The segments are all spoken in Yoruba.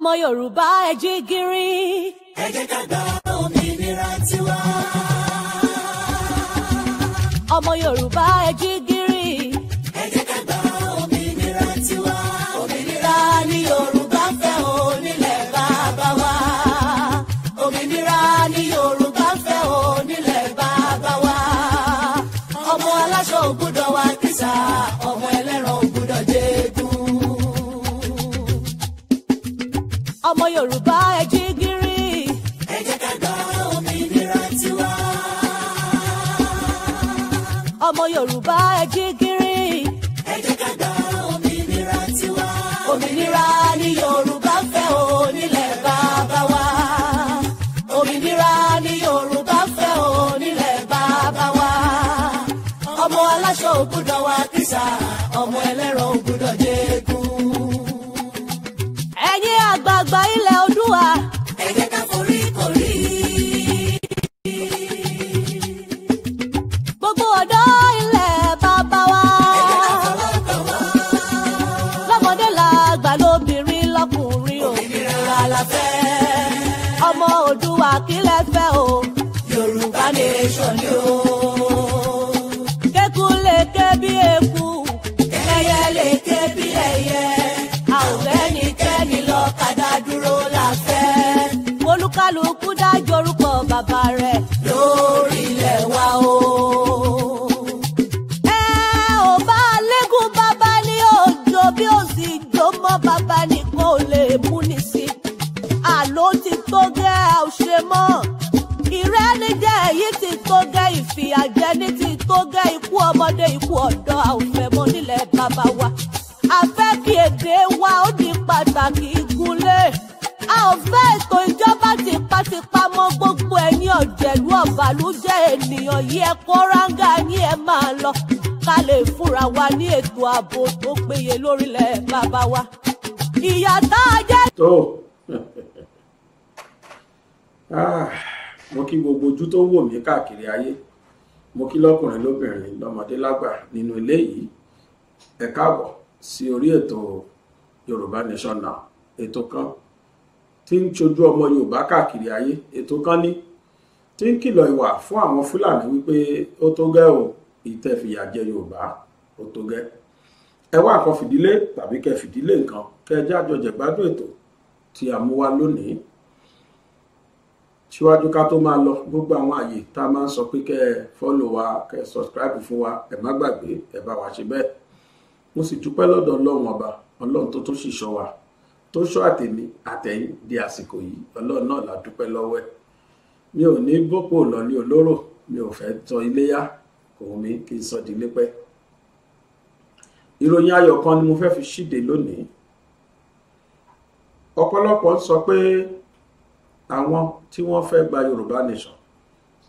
ọmọ yorùbá ẹ jí gìrì. ẹ jẹ́ ká gba òmìnira tiwa. ọmọ yorùbá ẹ jí ọmọ Yorùbá ẹ jí gìrì. ẹ jẹ́ ká gba òmìnira tiwa. ọmọ Yorùbá ẹ jí gìrì. bàbá rẹ̀ lórílẹ̀ wa o. ẹ ò bá lẹ́gùn bàbá ní òjò bí ó sì jó mọ́ bàbá ní kò lè mú ní sí i. àlọ́ ti tó gẹ́ ẹ ò ṣe mọ́. ìrẹ́nijẹ èyí ti tó gẹ́ ìfìyàjẹni ti tó gẹ́ ikú ọmọdé ikú ọ̀dọ́ àwùfẹ́ mọ́ nílẹ̀ bàbá wa. ọ̀jẹ̀lú ọ̀bàlújẹ́ ènìyàn yìí ẹ kó ráńgà yín ẹ máa lọ ká lè fúnra wa ní ètò ààbò tó péye lórílẹ̀ bàbá wa. ìyá tá a jẹ́. tó ah, mo kí gbogbo ojú tó wò mí káàkiri ayé mo kí lọkùnrin lóbìnrin lọmọdé lágbà nínú ilé yìí ẹ káàbọ̀ sí orí ètò Yorùbá Nation ètò kan tí ń ṣojú ọmọ Yorùbá káàkiri ayé ètò kan ní tí ń kìlọ̀ ìwà fún àwọn fúlàní wípé ó tó gẹ́ o ìtẹ̀fìyà jẹ yorùbá ó tó gẹ́ ẹ wá nǹkan fìdílé tàbí kẹ fìdílé nǹkan kẹ ẹ jájọ jẹ̀gbádùn ètò tí a mú wá lónìí síwájú ká tó máa lọ gbogbo àwọn àyè tá a máa ń sọ pé kẹ ẹ fọ́lọ̀ wa kẹ ẹ sọ̀sìkírábù fún wa ẹ má gbàgbé ẹ bá wa ṣe bẹ́ẹ̀ mo sì dúpẹ́ lọ́dọ̀ ọlọ́run ọba ọlọ́run tó tún ṣìṣọ́ wa tó ṣọ́ àtèmi àtẹ̀yìn di àsìkò yìí ọlọ́run náà la dúpẹ́ lọ́wọ́ ẹ̀ mi ò ní bọ́pò lọ́lé olóró mi ò fẹ́ tọ́ iléyá kò mí kí n sọ dílé pẹ́. ìròyìn ayọ̀ kan ni mo fẹ́ fi ṣíde lónìí ọ̀pọ̀lọpọ̀ sọ pé àwọn tí wọ́n fẹ́ gba Yorùbá nation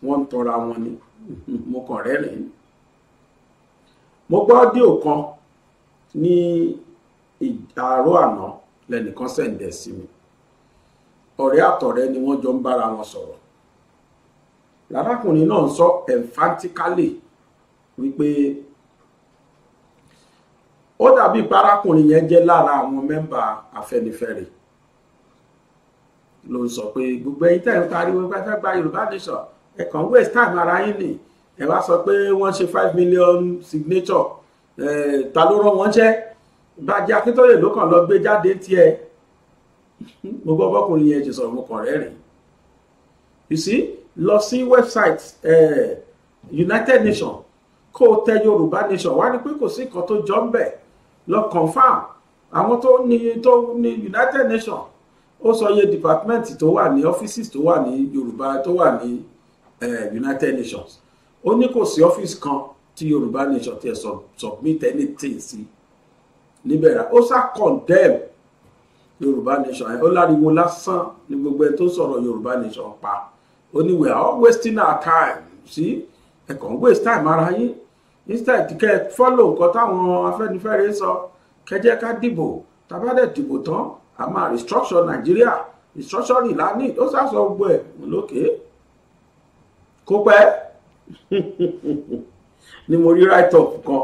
wọ́n ń tọra wọn ni mo kàn rẹ́rìn-ín mo gbọ́ díò kan ní àárọ̀ àná lẹ́nìkan sẹ̀ǹdẹ̀ sí mi ọ̀rẹ́ àtọ̀rẹ́ ni wọ́n jọ ń bára wọn sọ̀rọ̀ lárákùnrin náà sọ emphatically wípé ó dàbí parákùnrin yẹn jẹ́ lára àwọn mẹ́mbà Afẹ́nifẹ́re ló ń sọ pé gbogbo ẹ̀yin tẹ̀ ń pariwo pé fẹ́ gba Yorùbá nation ẹ kàn waste time ara yín ni ẹ wá sọ pé wọ́n ṣe five million signature ta ló rán wọn jẹ́ Bàjẹ́ Akíntóyè ló kàn lọ gbé jáde tiẹ̀ mo gbọ́ bọ́kùnrin yẹn ti sọ̀rọ̀ mo kàn rẹ́rìn you see lọ sí website eh, United Nations kó o tẹ Yorùbá Nation wá ní pé kò sí nǹkan tó jọ ń bẹ̀ lọ confam àwọn tó ní tó ní United Nations ó sọ iye department tó wà ní offices tó wà ní Yorùbá tó wà ní eh, United Nations ó ní kò sí Office kan tí Yorùbá Nation ti sub submit anything sí níbẹ̀ rà ó sá condemn Yorùbá Nation ẹ̀ ó láriwo lásán ní gbogbo ẹ̀ tó sọ̀rọ̀ Yorùbá Nation pa ó we are all wasting our time See, ẹ̀kọ́ ń waste time ara yín instead kẹ́ ẹ fọ́lọ̀ nǹkan táwọn afẹ́nifẹ́re sọ kẹjẹ́ ká dìbò tàbádẹ́ dìbò tán a máa restructure nàìjíríà restructure ìlànà ó sàṣọ gbogbo ẹ̀ lókè kó pẹ́ ni mo rí write up kan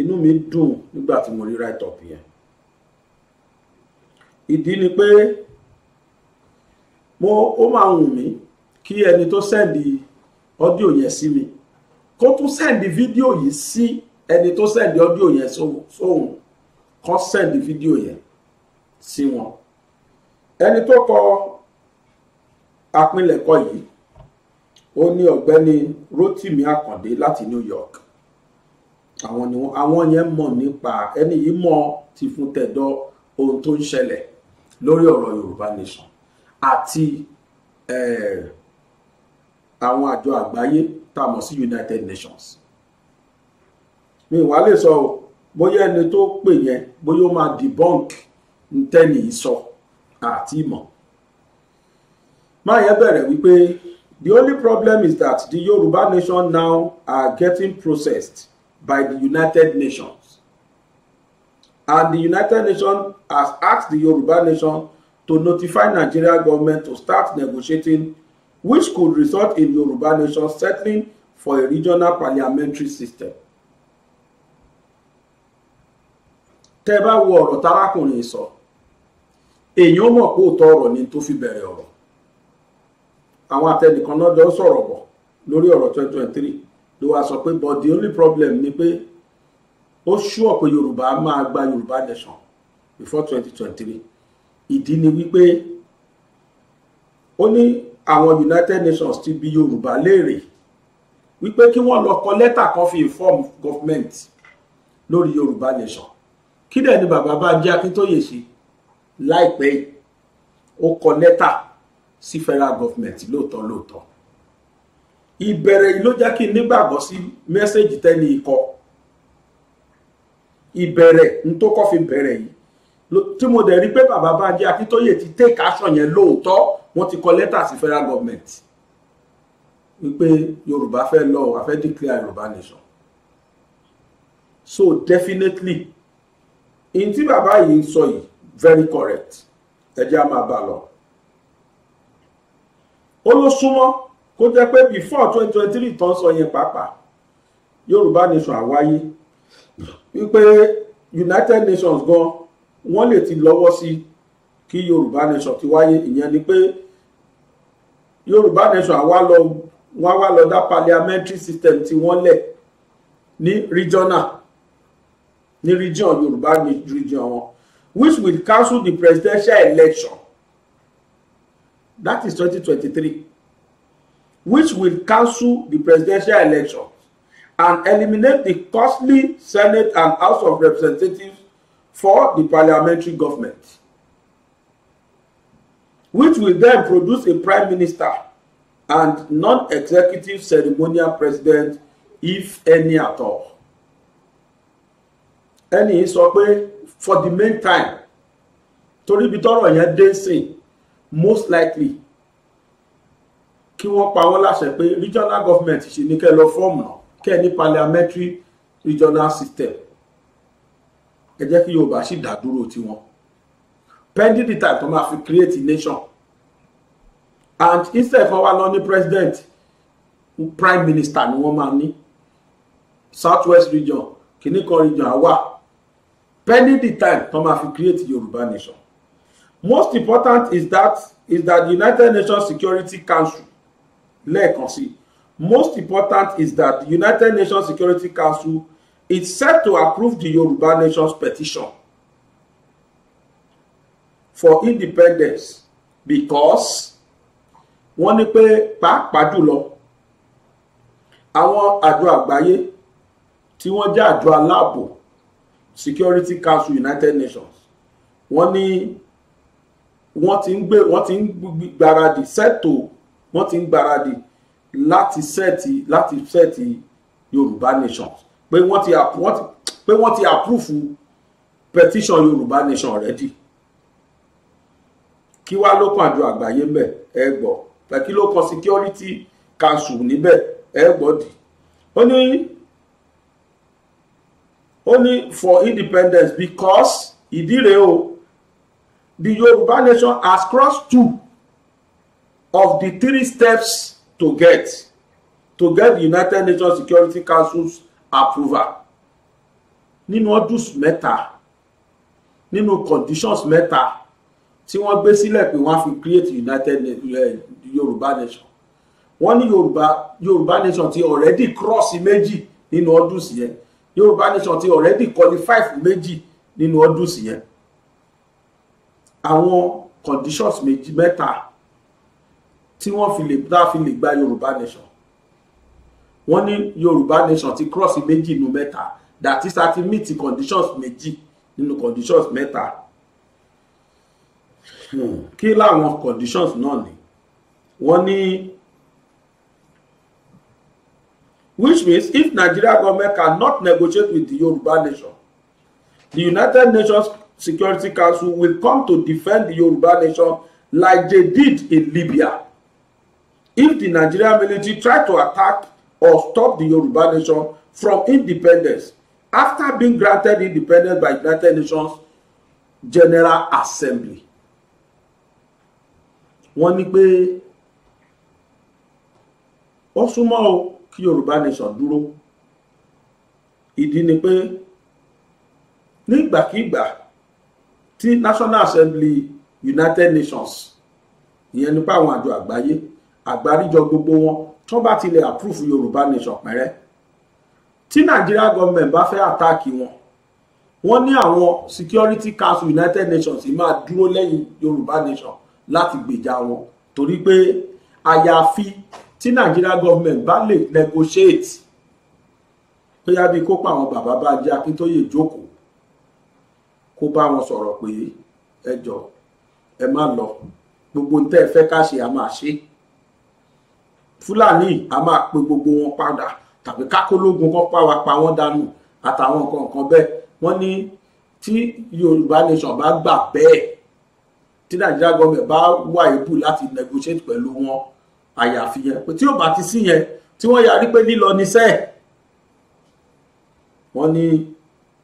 inú mi dùn nígbà tí mo rí write up yẹn ìdí ni pé mo ó máa wù mí kí ẹni tó sẹ́ndì ọ́díò yẹn sí mi kó tún sẹ́ndì fídíò yìí sí ẹni tó sẹ́ndì ọ́díò yẹn sóhun kó sẹ́ndì fídíò yẹn sí wọn ẹni tó kọ àpilẹ̀kọ yìí ó ní ọ̀gbẹ́ni Rotimi Akande láti New York àwọn ni àwọn yẹn mọ̀ nípa ẹni yìí mọ̀ tìfun tẹ̀dọ̀ ohun tó ń ṣẹlẹ̀ lórí ọ̀rọ̀ Yorùbá Nation àti àwọn àjọ àgbáyé tá a mọ̀ sí United Nations mi ìwà lè sọ o bóyá ẹni tó pè yẹn bóyá ó máa debunk ntẹ́ni sọ àti ìmọ̀ máa yẹn bẹ̀rẹ̀ wípé the only problem is that the Yoruba nation now are getting processed by the United Nations and the United Nations has asked the Yoruba nation to notify Nigeria government to start negotiating which could result in Yoruba nation settling for a regional parliamentary system. tẹ́ bá wo ọ̀rọ̀ tárákùnrin sọ èèyàn mọ̀ pé òótọ́ ọ̀rọ̀ ni tó fi bẹ̀rẹ̀ ọ̀rọ̀ àwọn àtẹnìkan náà jọ sọ̀rọ̀ bọ̀ lórí ọ̀rọ̀ 2023 ló wá sọ pé but the only problem ni pé ó ṣúọ̀ pé Yorùbá máa gba Yorùbá nation before 2023 ìdí ni wípé ó ní àwọn United Nations ti bi Yorùbá léèrè wípé kí wọ́n lọ kọ lẹ́tà kan fi inform government lórí Yorùbá Nation kí dẹ̀ ni bàbá Bánjí Akíntóyè ṣe láìpẹ́ yìí ó kọ lẹ́tà sí federal government lóòótọ́ lóòótọ́ ìbẹ̀rẹ̀ yìí ló jẹ́ kí n nígbàgbọ́ sí mẹ́sẹ̀gì tẹ́ni ikọ̀ ìbẹ̀rẹ̀ n tó kọ́ fi bẹ̀rẹ̀ yìí tí mo dẹ̀ rí pé bàbá Bánjí Akíntóyè ti take action yẹn lóòótọ́ wọ́n ti kọ lẹ́tà sí federal government wípé Yorùbá fẹ́ lọ a fẹ́ declare Yorùbá nation so definitely in tí bàbá yìí ń sọ yìí very correct ẹ jẹ́ a máa bá a lọ ó ló súnmọ́ kó jẹ́ pé before twenty twenty three tó ń sọ yẹn pàápàá Yorùbá nation àwáyé wípé United Nations gan wọ́n lè ti lọ́wọ́ sí kí yorùbá nation ti wáyé ìyẹn ni pé yorùbá nation àwa lọ wọ́n wá lọ dá parliamentary system tí wọ́n lẹ̀ ní regional ní region yorùbá ní region wọn which will cancel the presidential election that is twenty twenty three which will cancel the presidential election and eliminate the costly senate and house of representatives for the parliamentary government, which will then produce a prime minister and non-executive ceremonial president if any at all. ẹni sọ pé for the main time torí ibi tọ́rọ̀ yẹn dé sìn most likely kí wọ́n pa wọ́n láṣẹ pé regional government ṣe ní kẹ́ lọ fọ́ọ̀mù náà kẹ́ ní parliamentary regional system ẹ jẹ́ kí yorùbá sì dádúró tiwọn pending the time tó máa fi create a nation and instead fún wa lọ ní president prime minister ni wọ́n máa ní south west region kìíní kan region àwa pending the time tó máa fi create yorùbá nation most important is that is that the united nations security council lẹ́ẹ̀kan sí most important is that the united nations security council it set to approve the Yoruba nation's petition for independence because wọ́n ní pé pàápàá jùlọ àwọn àjọ àgbáyé tí wọ́n jẹ́ àjọ aláàbò Security Council United Nations wọ́n ní wọ́n ti ń gbé wọ́n ti ń gbáradì ṣètò wọ́n ti ń gbáradì láti ṣẹ́ẹ̀tì láti ṣẹ́ẹ̀tì Yorùbá nations pé wọ́n ti pé wọ́n ti àpúrúfù petition yorùbá nation already kí wá ló kàn àjọ àgbáyé mbẹ ẹ gbọ́ kí ló kàn security council níbẹ̀ ẹ gbọ́ dì ó ní ó ní for independence because ìdí rèé o the yorùbá nation has crossed two of the three steps to get to get the united nations security council's approval nínú ọdún mẹ́ta nínú conditions mẹ́ta tí wọ́n gbé sílẹ̀ pé wọ́n á fi create united eh, yorùbá nation wọ́n ní yorùbá yorùbá nation ti already cross méjì nínú ọdún sí yẹn yorùbá nation ti already qualify fún méjì nínú ọdún sí yẹn àwọn conditions méjì mẹ́ta tí wọ́n fi lè dá fi lè gba yorùbá nation wọ́n ní yorùbá nation ti cross méjì nínú mẹ́ta that is àti meet conditions méjì nínú conditions mẹ́ta hmm. kí láwọn conditions náà ni wọ́n ní which means if Nigeria government cannot negotiate with the Yoruba nation the United Nations Security Council will come to defend the Yoruba nation like they did in Libya if the Nigerian military try to attack or stop the Yoruba nation from independence after being granted independence by United Nations General Assembly. Wọ́n ní pé ó súnmọ́ o kí Yorùbá nation dúró. Ìdí ni pé nígbàkigbà tí National Assembly United Nations ìyẹn nípa àwọn àjọ àgbáyé àgbáríjọ gbogbo wọn tó bá ti lè approve yorùbá nation pẹ̀rẹ́ tí nàìjíríà gọọmẹ̀ntì bá fẹ́ àtáàkì wọn wọ́n ní àwọn security council united nations máa dúró lẹ́yìn yorùbá nation láti gbèjà wọn torí pé àyàfi tí nàìjíríà gọọmẹ̀ntì bá lè negotiate bóyá bíi kópa àwọn bàbá bá jẹ́ akíntóyè jókòó kó bá wọn sọ̀rọ̀ pé ẹ jọ ẹ má lọ gbogbo ntẹ́ ẹ fẹ́ ká ṣe a máa ṣe é fúlàní a máa pe gbogbo wọn padà tàbí kákólógun kan pa wá pa wọ́n dànù àtàwọn nǹkan kan bẹ́ẹ̀ wọ́n ní tí yorùbá nation bá gbà bẹ́ẹ̀ tí nàìjíríà gọọmẹ̀ bá wà èébù láti negotiate pẹ̀lú wọn àyàfi yẹn pé tí yóò bá ti sí yẹn tí wọ́n yarí pé lílọ níṣẹ́ wọ́n ní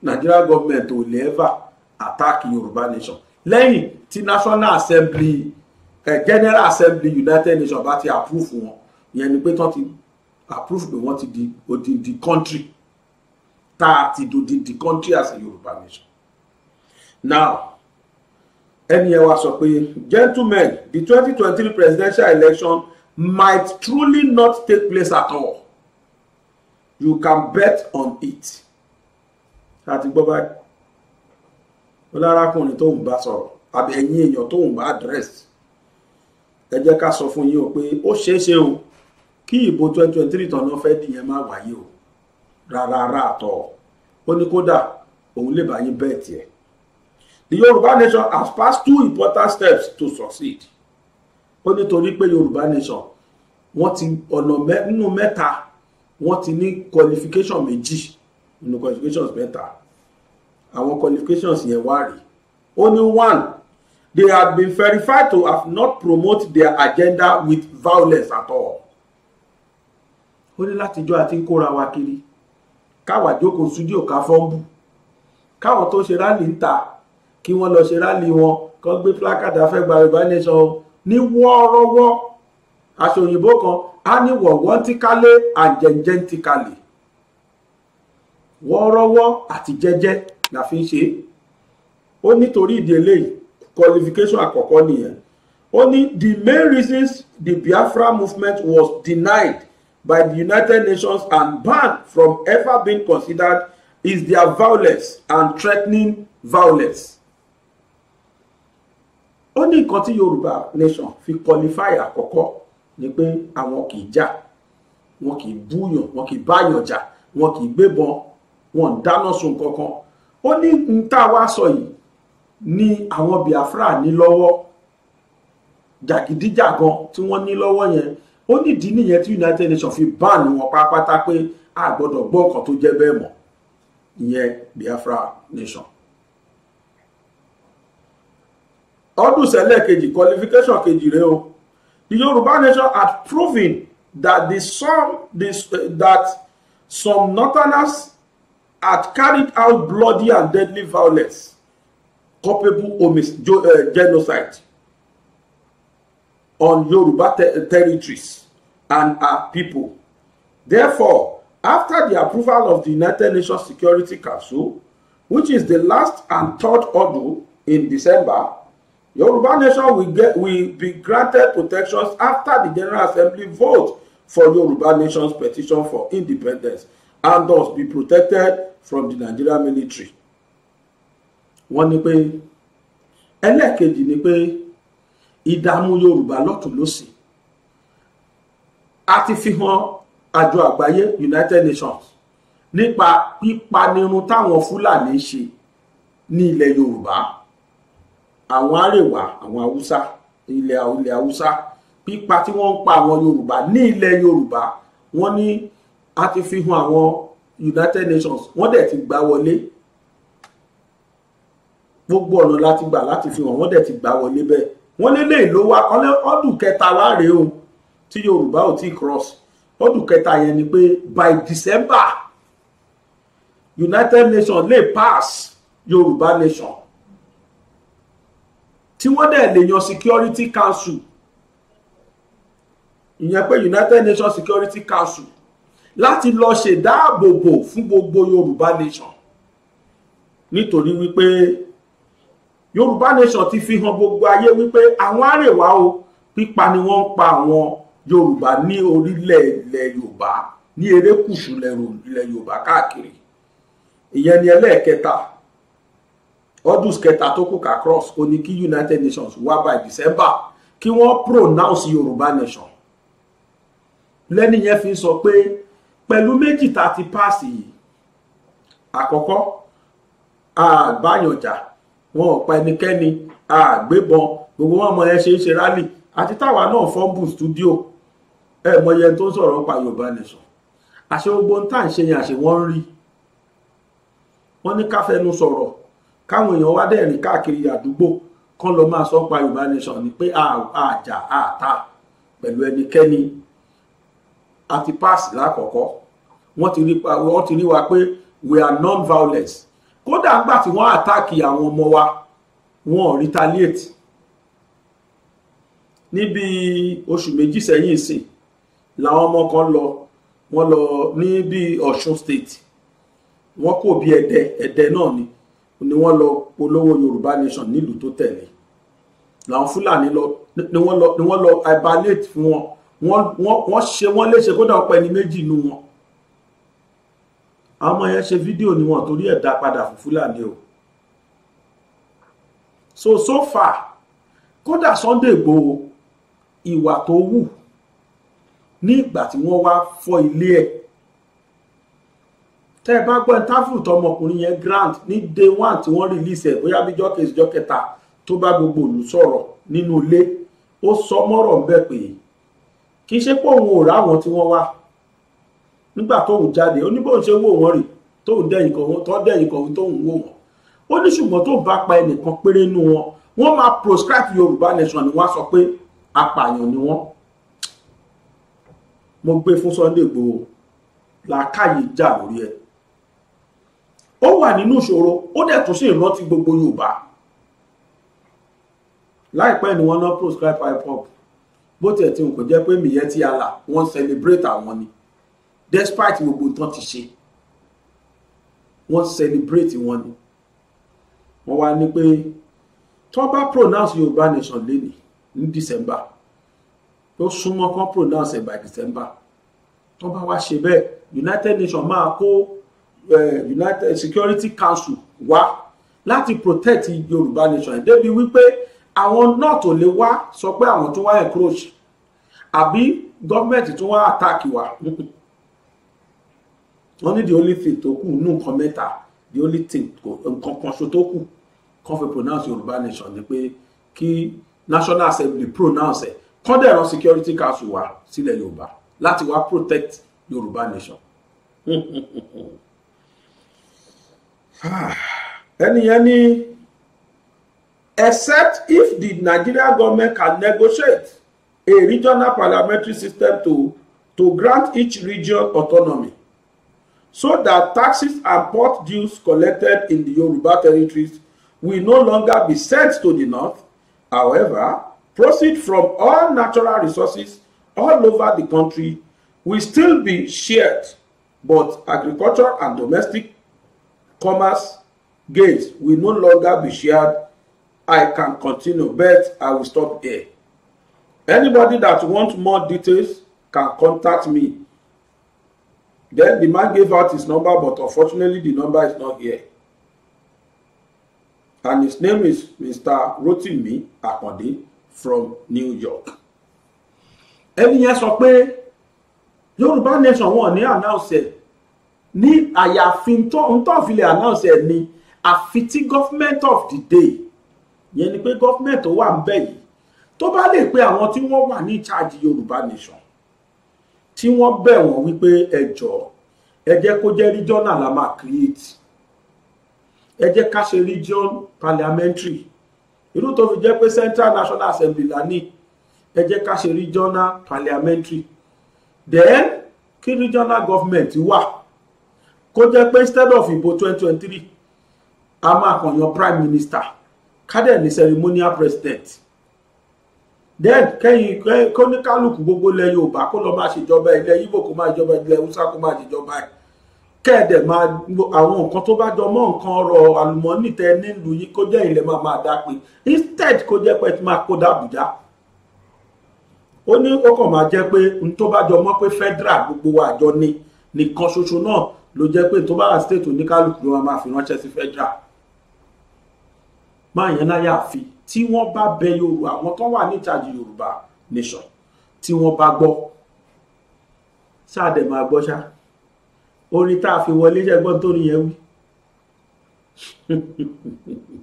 nàìjíríà gọọmẹ̀ntì ò lè ever attack yorùbá nation lẹ́yìn tí national assembly eh, general assembly united nations bá ti approve wọn ìyẹn ni pé tí wọ́n ti approve pé wọ́n ti di odindi country tá a ti di country as a Yorùbá nation now ẹni ẹ wá sọ pé gentlemen the twenty twenty three presidential election might truly not take place at all you can bet on it láti gbọ́ báyìí ọlárakùnrin tóun bá sọ̀rọ̀ àbí ẹ̀yin èèyàn tóun bá address ẹ jẹ́ ká sọ fún yín o pé ó ṣeé ṣe o kí ìbò 2023 tán fẹ́ dìyẹn má wáyé o rárá rárá àtọ̀ ó ní kódà òun lè bá bẹ́ẹ̀ tiẹ̀. The Yorùbá nation has passed two important steps to succeed ó nítorí pé Yorùbá nation wọ́n ti ọ̀nà nínú mẹ́ta wọ́n ti ní qualification méjì nínú qualifications mẹ́ta àwọn qualifications yẹn wá rí ó ní one they have been verified to have not promote their agenda with violence at all ó ní látijọ́ àti ń kóra wa kiri káwa jókòó studio ká fọ́ńbù káwọn tó ṣe rálì ń ta kí wọ́n lọ ṣe rálì wọn kán gbé plákàdá fẹ́ gba yorùbá nation ní wọ́ọ́rọ́wọ́ aṣọ òyìnbó kan á ní wọ̀wọ́n ti kálé àjẹjẹ́ ti kalè wọ́ọ́rọ́wọ́ àti jẹ́jẹ́ la fi ń ṣe ó nítorí ìdí qualification àkọ́kọ́ nìyẹn ó ní the main reasons the Biafra movement was denied by the United Nations and banned from ever being considered is their violence and threatening violence. ó ní nǹkan tí Yorùbá nation fi qualify àkọ́kọ́ ni pé àwọn kì í jà wọn kì í búyàn wọn kì í báyàn jà wọn kì í gbébọn wọn ń dáná sun kankan ó ní n tá a wá sọ yìí ni àwọn Biafra ní lọ́wọ́ jàgídíjàgan tí wọ́n ní lọ́wọ́ yẹn ó nídìí nìyẹn tí united nations fi báàlù wọn pátápátá pé a gbọ́dọ̀ gbọ́ nǹkan tó jẹ́ bẹ́ẹ̀ mọ́ ìyẹn biafra nation. ọdún sẹ́lẹ̀ kejì qualification kejì rèé o the yorùbá nation had proven that the some the, uh, that some northerners had carried out bloody and deadly violence culpable homicide uh, genocide on Yoruba ter territories and our people. Therefore, after the approval of the United Nations Security Council, which is the last and third order in December, Yoruba nation will, get, will be granted protections after the General Assembly vote for Yoruba nation's petition for independence and thus be protected from the Nigerian military. Wọ́n ní pé ẹlẹ́ẹ̀kejì ni pé ìdààmú yorùbá lọ́tún lọ́sì a ti fi hàn àjọ àgbáyé united nations nípa pípanirun táwọn fúlàní ṣe ní ilẹ̀ yorùbá àwọn àrèwà àwọn haúsá ilẹ̀ ilẹ̀ haúsá pípa tí wọ́n ń pa àwọn yorùbá ní ilẹ̀ yorùbá wọ́n ní a ti fi hàn àwọn united nations wọ́n dẹ̀ ti gbá wọlé gbogbo ọ̀nà láti gbà láti fi hàn wọ́n dẹ̀ ti gbá wọlé bẹ́ẹ̀ wọ́n lélẹ̀ ló wá ọdún kẹta láre o tí yorùbá ò tí cross ọdún kẹta yẹn ni pé by december united nations lè pass yorùbá nation tí wọ́n dẹ̀ lè yan security council ìyẹn pé united nations security council láti lọ ṣèdáàbòbò fún gbogbo yorùbá nation nítorí wípé yorùbá nation ti fi hàn gbogbo ayé wípé àwọn àrèwá o pípa ni wọ́n ń pa àwọn yorùbá ní orílẹ̀ ilẹ̀ yorùbá ní erékùṣù ilẹ̀ yorùbá káàkiri ìyẹn ni ẹlẹ́ẹ̀kẹta ọdún kẹta tó kù ká cross ó ní kí united nations wá by december kí wọ́n pronounce yorùbá nation lẹ́ni yẹn fi sọ pé pẹ̀lú méjì tá a ti pass yìí àkọ́kọ́ àbáyànjà wọn ò pa ẹnikẹ́ni àgbébọn gbogbo wọn mọ ẹ ṣe é ṣe rálì àti táwa náà fọ́ǹbù stúdíò ẹ mọyẹ tó ń sọ̀rọ̀ pa Yorùbá nìṣọ̀ àṣẹ gbogbo ń tà ń ṣe yẹn àṣẹ wọ́n ń rí wọ́n ní ká fẹnu sọ̀rọ̀ káwọn èèyàn wá dẹ̀ rìn káàkiri àdúgbò kán lọ máa sọ pa Yorùbá nìṣọ̀ ni pé àjà àta pẹ̀lú ẹnikẹ́ni àti páàsì lákọ̀ọ́kọ́ wọ́n ti rí wa pé we are non-violence kódà ńgbà tí wọ́n àtàkì àwọn ọmọ wa wọn ò retaliate níbi oṣù méjì sẹ́yìn ìsìn làwọn ọmọ kan lọ wọ́n lọ ní bí Ọ̀ṣun state wọ́n kò bí ẹ̀dẹ ẹ̀dẹ náà ni ni wọ́n lọ polówó Yorùbá nation nílùú tó tẹ̀lé làwọn Fúlàní lọ ni wọ́n lọ ni wọ́n lọ ibalate fún wọn wọ́n ṣe wọ́n léṣe kódà ọ̀pọ̀ ẹni méjì nínú wọn àwọn ọmọ yẹn ṣe fídíò ni wọn torí ẹ̀ dá padà fún fúlàní o so so far kódà Sunday Igboho ìwà tó wù ní ìgbà tí wọ́n wá fọ́ ilé ẹ̀ tẹ́ ẹ bá gbọ́ ìtàfù tọmọkùnrin yẹn grant ní day one tí wọ́n release ẹ̀ bóyá bíjọ́ kejì jọ́ kẹta tó bá gbogbo òlù sọ̀rọ̀ nínú ilé ó sọ mọ́rọ̀ ń bẹ̀ pé kì í ṣe pé òun ò ráwọn tí wọ́n wá nígbà tóun jáde ó ní bóun ṣe wò wọ́n rè tóun dẹ́yìn kọ̀ wọ́n tó dẹ́yìn kọ̀ wọ́n tóun wò wọ́n ó ní ṣùgbọ́n tó bá pa ẹnìkan péré nú wọn wọ́n máa proscribe yorùbá nation ni wọ́n sọ pé apààyàn ni wọ́n mo gbé fún Sunday Igboho làákàyè jà lórí ẹ ó wà nínú ìṣòro ó dẹ̀ tún sí ìrántí gbogbo yorùbá láìpẹ́ ni wọ́n ná proscribe ipob bó tiẹ̀ ti hùn kò jẹ́ pé miyẹ́ ti àlà wọ́n celebrate àwọn ni despite gbogbo nǹkan ti ṣe wọ́n celebrate wọn ni wọ́n wá ní pé tó bá pronounce yorùbá nation lẹ́nìí ní december tó súnmọ́ kan pronounce ẹ̀ by december tó bá wá ṣe bẹ́ẹ̀ united nations máa kó united security council wá láti protect yorùbá nation ẹ̀ débi wípé àwọn náà tó lè wá sọ pé àwọn tó wá encroach àbí gọ́ọ̀mẹ̀ntì tó wá attack wa. wọ́n ní the only thing tó kù nù nǹkan mẹ́ta the only thing nǹkan kan ṣo tó kù kan fi pronounce yorùbá nation ni pé kí national assembly pronounce ẹ̀ kán dẹ̀rọ security council wá sílẹ̀ yorùbá láti wá protect yorùbá nation. ẹni yẹn ní except if the Nigerian government can negotiate a regional parliamentary system to to grant each region autonomy so that taxes and port dues collected in the Yoruba territories will no longer be sent to the north. However, proceeds from all natural resources all over the country will still be shared, but agriculture and domestic commerce gains will no longer be shared. I can continue, but I will stop here. Anybody that wants more details can contact me Then the man gave out his number, but unfortunately, the number is not here. And his name is Mr. Rotimi Akande from New York. Ẹni yẹn sọ pé Yorùbá nation wọn ní announce ẹ ní àyàfi ntọ́filẹ̀ announce ẹ ní àfi tí government of the day yẹn ni pé government tó wà ń bẹ̀ yìí tó bá lè pe àwọn tí wọ́n wà ní charge Yorùbá nation tí wọ́n bẹ̀ wọ́n wípé ẹ jọ ẹ jẹ́ kó jẹ́ regional la máa create ẹ jẹ́ ká ṣe region parliamentary irú tó fi jẹ́ pé Central National Assembly la ní ẹ jẹ́ ká ṣe regional parliamentary then kí regional government wà kó jẹ́ pé instead of ìbò 2023, twenty three a máa kàn yan prime minister kádẹ̀ ní ceremonial president then kẹ́yìn kóníkálùkù gbogbo ilẹ̀ yorùbá kó lọ máa ṣèjọba ilẹ̀ ibo kó máa ṣèjọba ilẹ̀ haúsá kó máa ṣèjọba ẹ̀ kẹ́ẹ̀dẹ̀ máa àwọn nǹkan tó bá jọ mọ́ nǹkan ọ̀rọ̀ àlùmọ́nì tẹ nílùú yìí kó jẹ́ ilẹ̀ máa máa dá pé instead kó jẹ́ pé ti máa kó dàbújá ó ní ó kàn máa jẹ́ pé n tó bá jọ mọ́ pé federal gbogbo àjọ ni nìkan ṣoṣo náà ló jẹ́ pé tó bá wà state oníkálùkù ló máa fi ránṣẹ́ sí federal máa yẹn láyà fi tí wọ́n bá bẹ yorùbá àwọn tó wà nítajì yorùbá nation tí wọ́n bá gbọ́ sáàdẹ̀ máa gbọ́ ṣá orin tá a fi wọlé ṣẹ́gbọ́n tó nìyẹn wí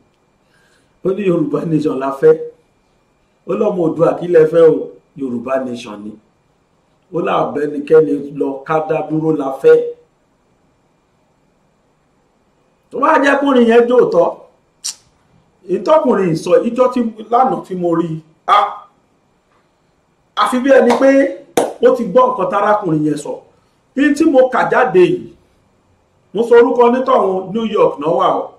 ó ní yorùbá nation la fẹ́ ó lọ́mọ òdua kí lẹ fẹ́ o yorùbá nation ni ó láàbẹnikẹ́ni lọ ká dá dúró la fẹ́ tó bá jẹ́ kórìí yẹn dóòtọ́ ìtọkùnrin sọ ìjọ tí lánàá tí mo rí a àfi bí ẹni pé ó ti gbọ́ nǹkan tárakùnrin yẹn sọ bí tí mo kà jáde yìí mo sọ orúkọ nítọ̀hún New York náà wà ó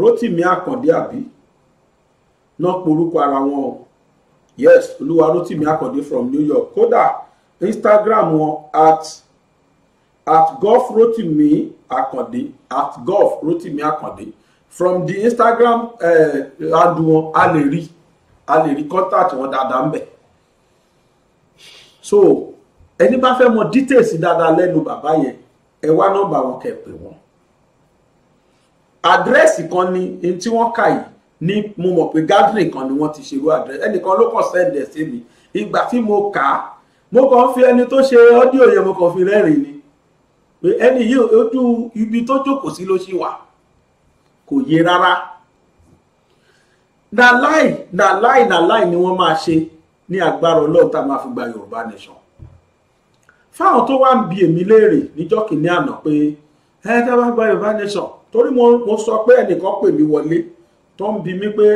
Rótìmí Àkàndé àbí náà porúkọ ara wọn o yes olúwa Rótìmí Àkàndé from New York kódà Instagram wọn at at golf Rótìmí Àkàndé at golf Rótìmí Àkàndé from the Instagram eh, handle wọn a lè rí a lè rí contact wọn dáadáa ń bẹ̀ so ẹni bá fẹ́ mọ details dáadáa lẹ́nu bàbá yẹn ẹ wá nọ́mbà wọn kẹ́ pè wọ́n àdírẹ́sì kan ni n tí wọ́n kà yìí ní mo mọ̀ pé gathering kan ni wọ́n ti ṣerú àdírẹ́sì ẹnìkan ló kàn send ẹ̀ sí mi ìgbà tí mo kà á mo kàn fi ẹni tó ṣe ọ́díò yẹn mo kàn fi rẹ́rìn-ín ni ẹni yìí ojú ibi tó jókòó sí ló ṣì wà kò yé rárá nàláì na nàláì ni wọ́n máa ṣe ní agbára ọlọ́run tá a máa fi gba yorùbá nation fáwọn tó wá ń bi èmi léèrè níjọ́ kìíní àná pé ẹ tá a bá gba yorùbá nation torí mo sọ pé ẹnìkan pè mí wọlé tó ń bi mí pé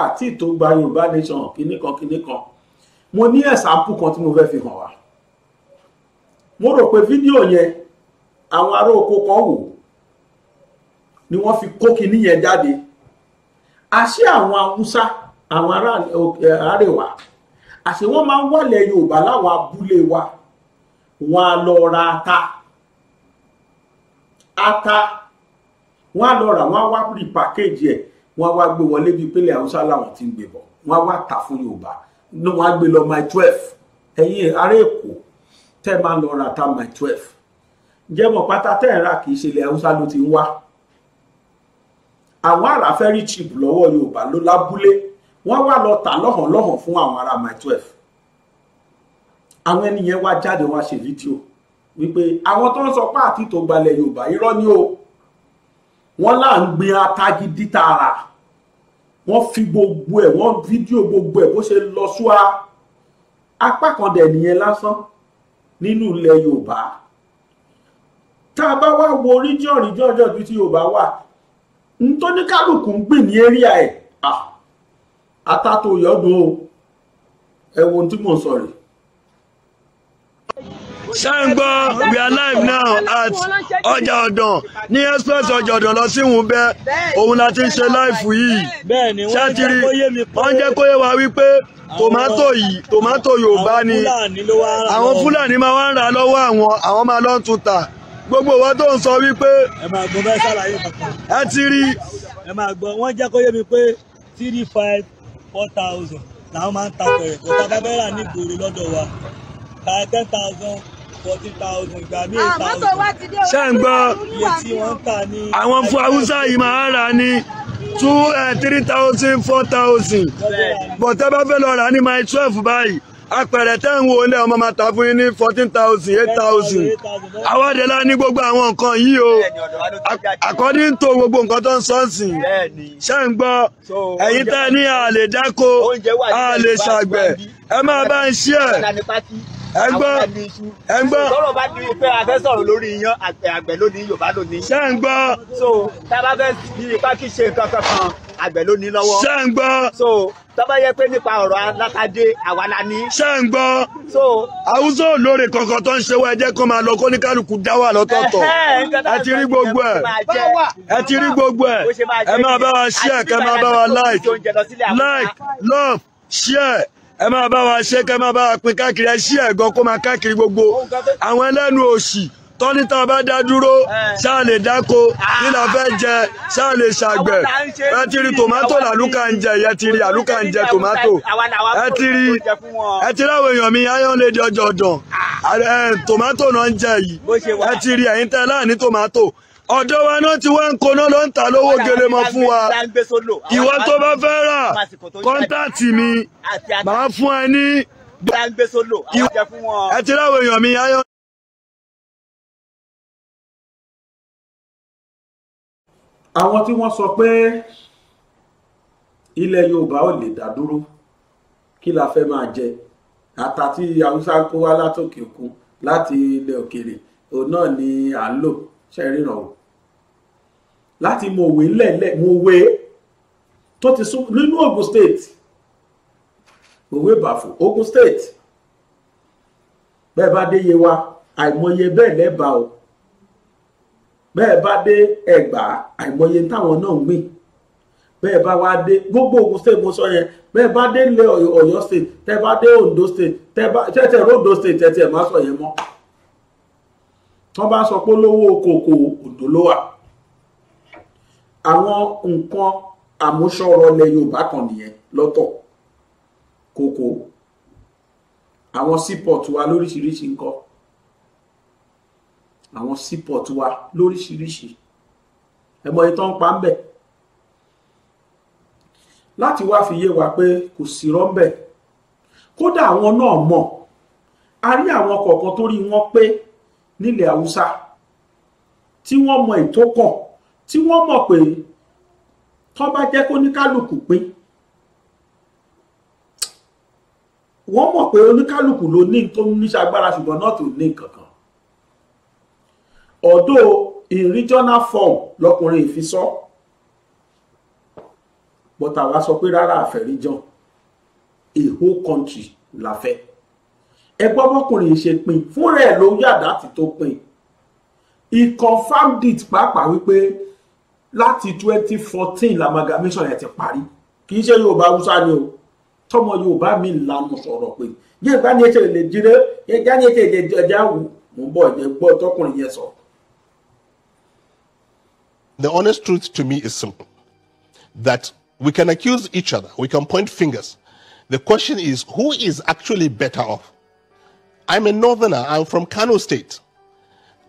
àti ìtò gba yorùbá nation kìíní kan kìíní kan mo ní ẹ̀sàmpù kan tí mo fẹ́ fi hàn wá mo rò pé fídíò yẹn àwọn ará oko kan wò ó ni wọ́n fi kó kinní yẹn jáde àṣé àwọn haúsá àwọn arẹwà eh, àṣé wọ́n máa ń wálẹ̀ yorùbá láwọn abúlé wa wọ́n á lọ ra ata ata wọ́n á lọ rà wọ́n á wá rí pàkéjì ẹ̀ wọ́n á wá gbé wọlé bíi pélé haúsá làwọn ti ń gbé bọ̀ wọ́n á wá tà fún yorùbá wọ́n á gbé lọ my twelve ẹ̀yin ará èkó tẹ́ máa lọ ra ta my twelve jẹ́mọ̀ pátá tẹ́ ẹ̀ rà kì í ṣe ilẹ̀ haúsá ló ti ń wá àwọn ará fẹ́ rí chip lọ́wọ́ yorùbá ló lábúlé wọ́n wá lọ tà lọ́hàn lọ́hàn fún àwọn ará my twelve àwọn ènìyàn wá jáde wá ṣe fídíò wípé àwọn tó ń sọ pé àti tó gbalẹ̀ yorùbá irọ́ ni o wọ́n là ń gbin ata gidi tààrà wọ́n fi gbogbo ẹ̀ wọ́n fídíò gbogbo ẹ̀ bó ṣe lọ súra apá kan dẹ̀ nìyẹn lásán nínú ilẹ̀ yorùbá tá a bá wá wo oríjì ọ̀rìjì ọjọ́ ibi tí yorùbá wà n tó ní kálukú ń gbìn ní éríà ẹ̀ àtàtò yọdún o ẹ wo ohun tí mò ń sọ rèé. Ṣẹ́ǹgbọ́ we are live now at ọjà ọ̀dàn ní express ọjà ọ̀dàn lọ sí Wùnbẹ́ òun la ti ń ṣe láìfù yìí ṣátìrì wọ́n jẹ́ kó yé wa wípé tòmátò yìí tòmátò Yorùbá ni àwọn Fúlàní máa wá ń rà lọ́wọ́ àwọn àwọn máa lọ́ọ́ tún tà gbogbo wọn tó ń sọ wípé. ẹ máa gbọ́ bẹ́ẹ̀ ṣàlàyé kankan. ẹ ti rí. ẹ máa gbọ́ wọ́n jẹ́ kó yé mi pé three five four thousand làwọn máa ń ta pẹ̀rẹ̀ kò tá bẹ́ẹ̀ ní ìgboro lọ́dọ̀ wa ta ten thousand forty thousand ìgbà mí ah, eight thousand. ṣé ń gbọ́ iye tí wọ́n ń tà ní. àwọn fún haúsá yìí máa ń rà ní two eh, three thousand four thousand bọ̀tẹ́ bá fẹ́ lọ rà ní my twelve báyìí apẹ̀rẹ̀ tẹ́ ń wo ní ọmọ máa ta fún yín ní fourteen thousand eight thousand awádẹ́lá ní gbogbo àwọn nǹkan yìí o according to gbogbo nǹkan tó ń sọ́ọ̀sìn ṣé ń gbọ́ ẹ̀yin tẹ́ ní a dáko a ṣàgbẹ̀ ẹ máa bá ń ṣí ẹ̀ ẹ gbọ́ ẹ gbọ́. tọ́rọ̀ bá di pé a lórí iyán àgbẹ̀ lónìí Yorùbá lónìí. ṣé ń gbọ́. so tá a bá fẹ́ bí ipá kì í ṣe kankan àgbẹ̀ lónìí lọ́wọ́. ṣé ń gbọ́. so tọ́bọ̀ yẹ pé nípa ọ̀rọ̀ alákadé àwa la ṣé ń gbọ́ àwùjọ olóore kankan tó ń ṣe wá ẹjẹ́ kan máa lọ kó ní kálukú dá wà lọ́tọ̀ọ̀tọ̀ ẹ ti rí gbogbo ẹ̀ ẹ ti rí gbogbo ẹ̀ ẹ máa bá wa share kẹ́ máa bá wa like like love share ẹ máa bá wa share kẹ́ máa bá wa pín káàkiri ẹ share gan kó máa káàkiri gbogbo àwọn ẹlẹ́nu òṣì tọ́nítà bá dá dúró ṣáà lè dáko ah. kí la fẹ́ jẹ ṣáà lè ṣàgbẹ̀ ẹ ti rí Tomato. làlúkà ń jẹ ẹ ti rí àlúkà ń jẹ tòmátò ẹ ti rí ẹ ti rí àwọn èèyàn mi iron lady ọjọ́ ọ̀dàn ah. tòmátò náà ń jẹ yìí ẹ ti rí ẹ̀yin tẹ́ láàní tòmátò ọ̀dọ́ wa náà ti wá ń koná ló ń ta lówó gelemọ fún wa ìwọ tó bá fẹ́ rà kọ́ńtàtì mi màá fún ẹ ní. ẹ ti ráwọ̀ èèyàn mi iron. àwọn tí wọ́n sọ pé ilẹ̀ yorùbá ò lè dá dúró kí la fẹ́ máa jẹ ata tí haúsá kó wá látòkè òkun láti ilẹ̀ òkèrè òun náà ni à ń lò ṣe ríran o láti mo òwe lẹ́lẹ̀ mo òwe tó ti sún nínú Ogun State òwe bàfò Ogun State bẹ́ẹ̀ bá dé yewa àìmọye bẹ́ẹ̀ lẹ́bàá o bẹ́ẹ̀ bá dé ẹ̀gbá àìmọye táwọn náà ń gbìn bẹ́ẹ̀ bá wá dé gbogbo Ògùn state mo sọ yẹn bẹ́ẹ̀ bá dé ilé Ọ̀yọ́ state tẹ́ bá dé Ondo state tẹ́ bá tẹ́tẹ́ rondo state tẹ́tẹ́ ẹ̀ má sọ yẹn mọ́ wọ́n bá sọ pé lówó kòkó Ondo ló wà àwọn nǹkan àmúṣọrọ̀ ilẹ̀ Yorùbá kan nìyẹn lọ́tọ̀ kòkó àwọn seaport wa lóríṣiríṣi nǹkan àwọn seaport wa lóríṣiríṣi ẹ mọ ìtàn pa ń bẹ láti wá fi yé wa pé kò sí rọ́ńbẹ̀ kódà àwọn náà mọ̀ a rí àwọn kọ̀ọ̀kan tó rí wọn pé nílẹ̀ haúsá tí wọ́n mọ ìtókàn tí wọ́n mọ̀ pé tó bá jẹ́ kó oníkálukú pín wọ́n mọ̀ pé oníkálukú ló ní tó ní ṣagbára ṣùgbọ́n náà tó ní nǹkan kan although in regional form lọkùnrin ìfisọ́ but àwa sọ pé rárá a region a whole country la fẹ́ ẹgbọ́n bọ́kùnrin ṣe pin fúnra ẹ̀ ló yàdá ti tó pin he confirmed it pàápàá wípé láti twenty fourteen amalgamation yẹn ti parí kì í ṣe Yorùbá Haúsá ni o tọmọ Yorùbá mi lanu sọ̀rọ̀ pé yéègbá ni ètò ìlè jíire yéègbá ni ètò ìlè ẹjẹ àwù mò ń bọ̀ ẹ̀jẹ̀ gbọ́ tọkùnrin yẹn sọ The honest truth to me is simple that we can accuse each other, we can point fingers. The question is who is actually better off? I'm a northerner, I'm from Kano State,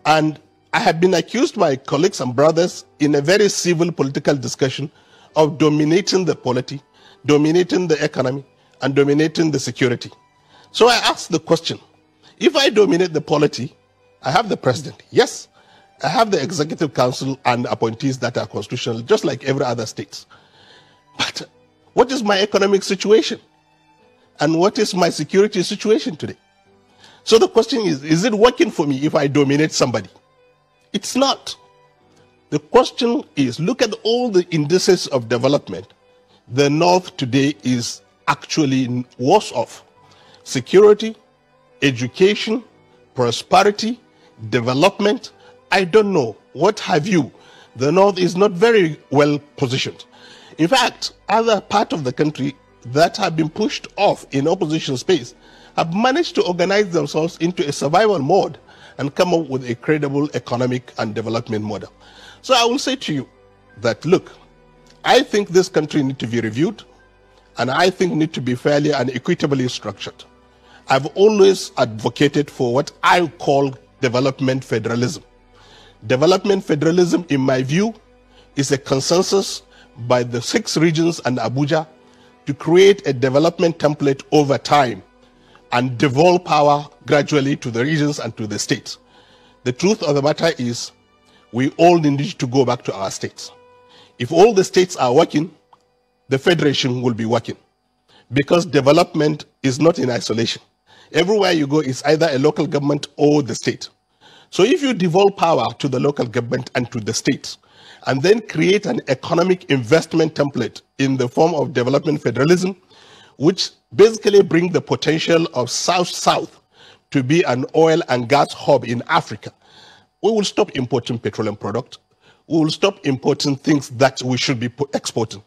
and I have been accused by colleagues and brothers in a very civil political discussion of dominating the polity, dominating the economy, and dominating the security. So I asked the question if I dominate the polity, I have the president. Yes, I have the executive council and appointees that are constitutional, just like every other state. But what is my economic situation? And what is my security situation today? So the question is, is it working for me if I dominate somebody? It's not. The question is, look at all the indices of development. The North today is actually worse off. Security, education, prosperity, development, I don't know. What have you? The North is not very well positioned. In fact, other part of the country that have been pushed off in opposition space have managed to organize themselves into a survival mode and come up with a credible economic and development model. So I will say to you that look, I think this country need to be reviewed and I think need to be fairly and equitably structured. I've always advocated for what I call development federalism. Development federalism, in my view, is a consensus by the six regions and Abuja to create a development template over time and devolve power gradually to the regions and to the states. The truth of the matter is we all need to go back to our states. If all the states are working, the federation will be working because development is not in isolation. Everywhere you go, it's either a local government or the state. So if you devolve power to the local government and to the state, and then create an economic investment template in the form of development federalism, which basically bring the potential of South-South to be an oil and gas hub in Africa, we will stop importing petroleum products. We will stop importing things that we should be exporting,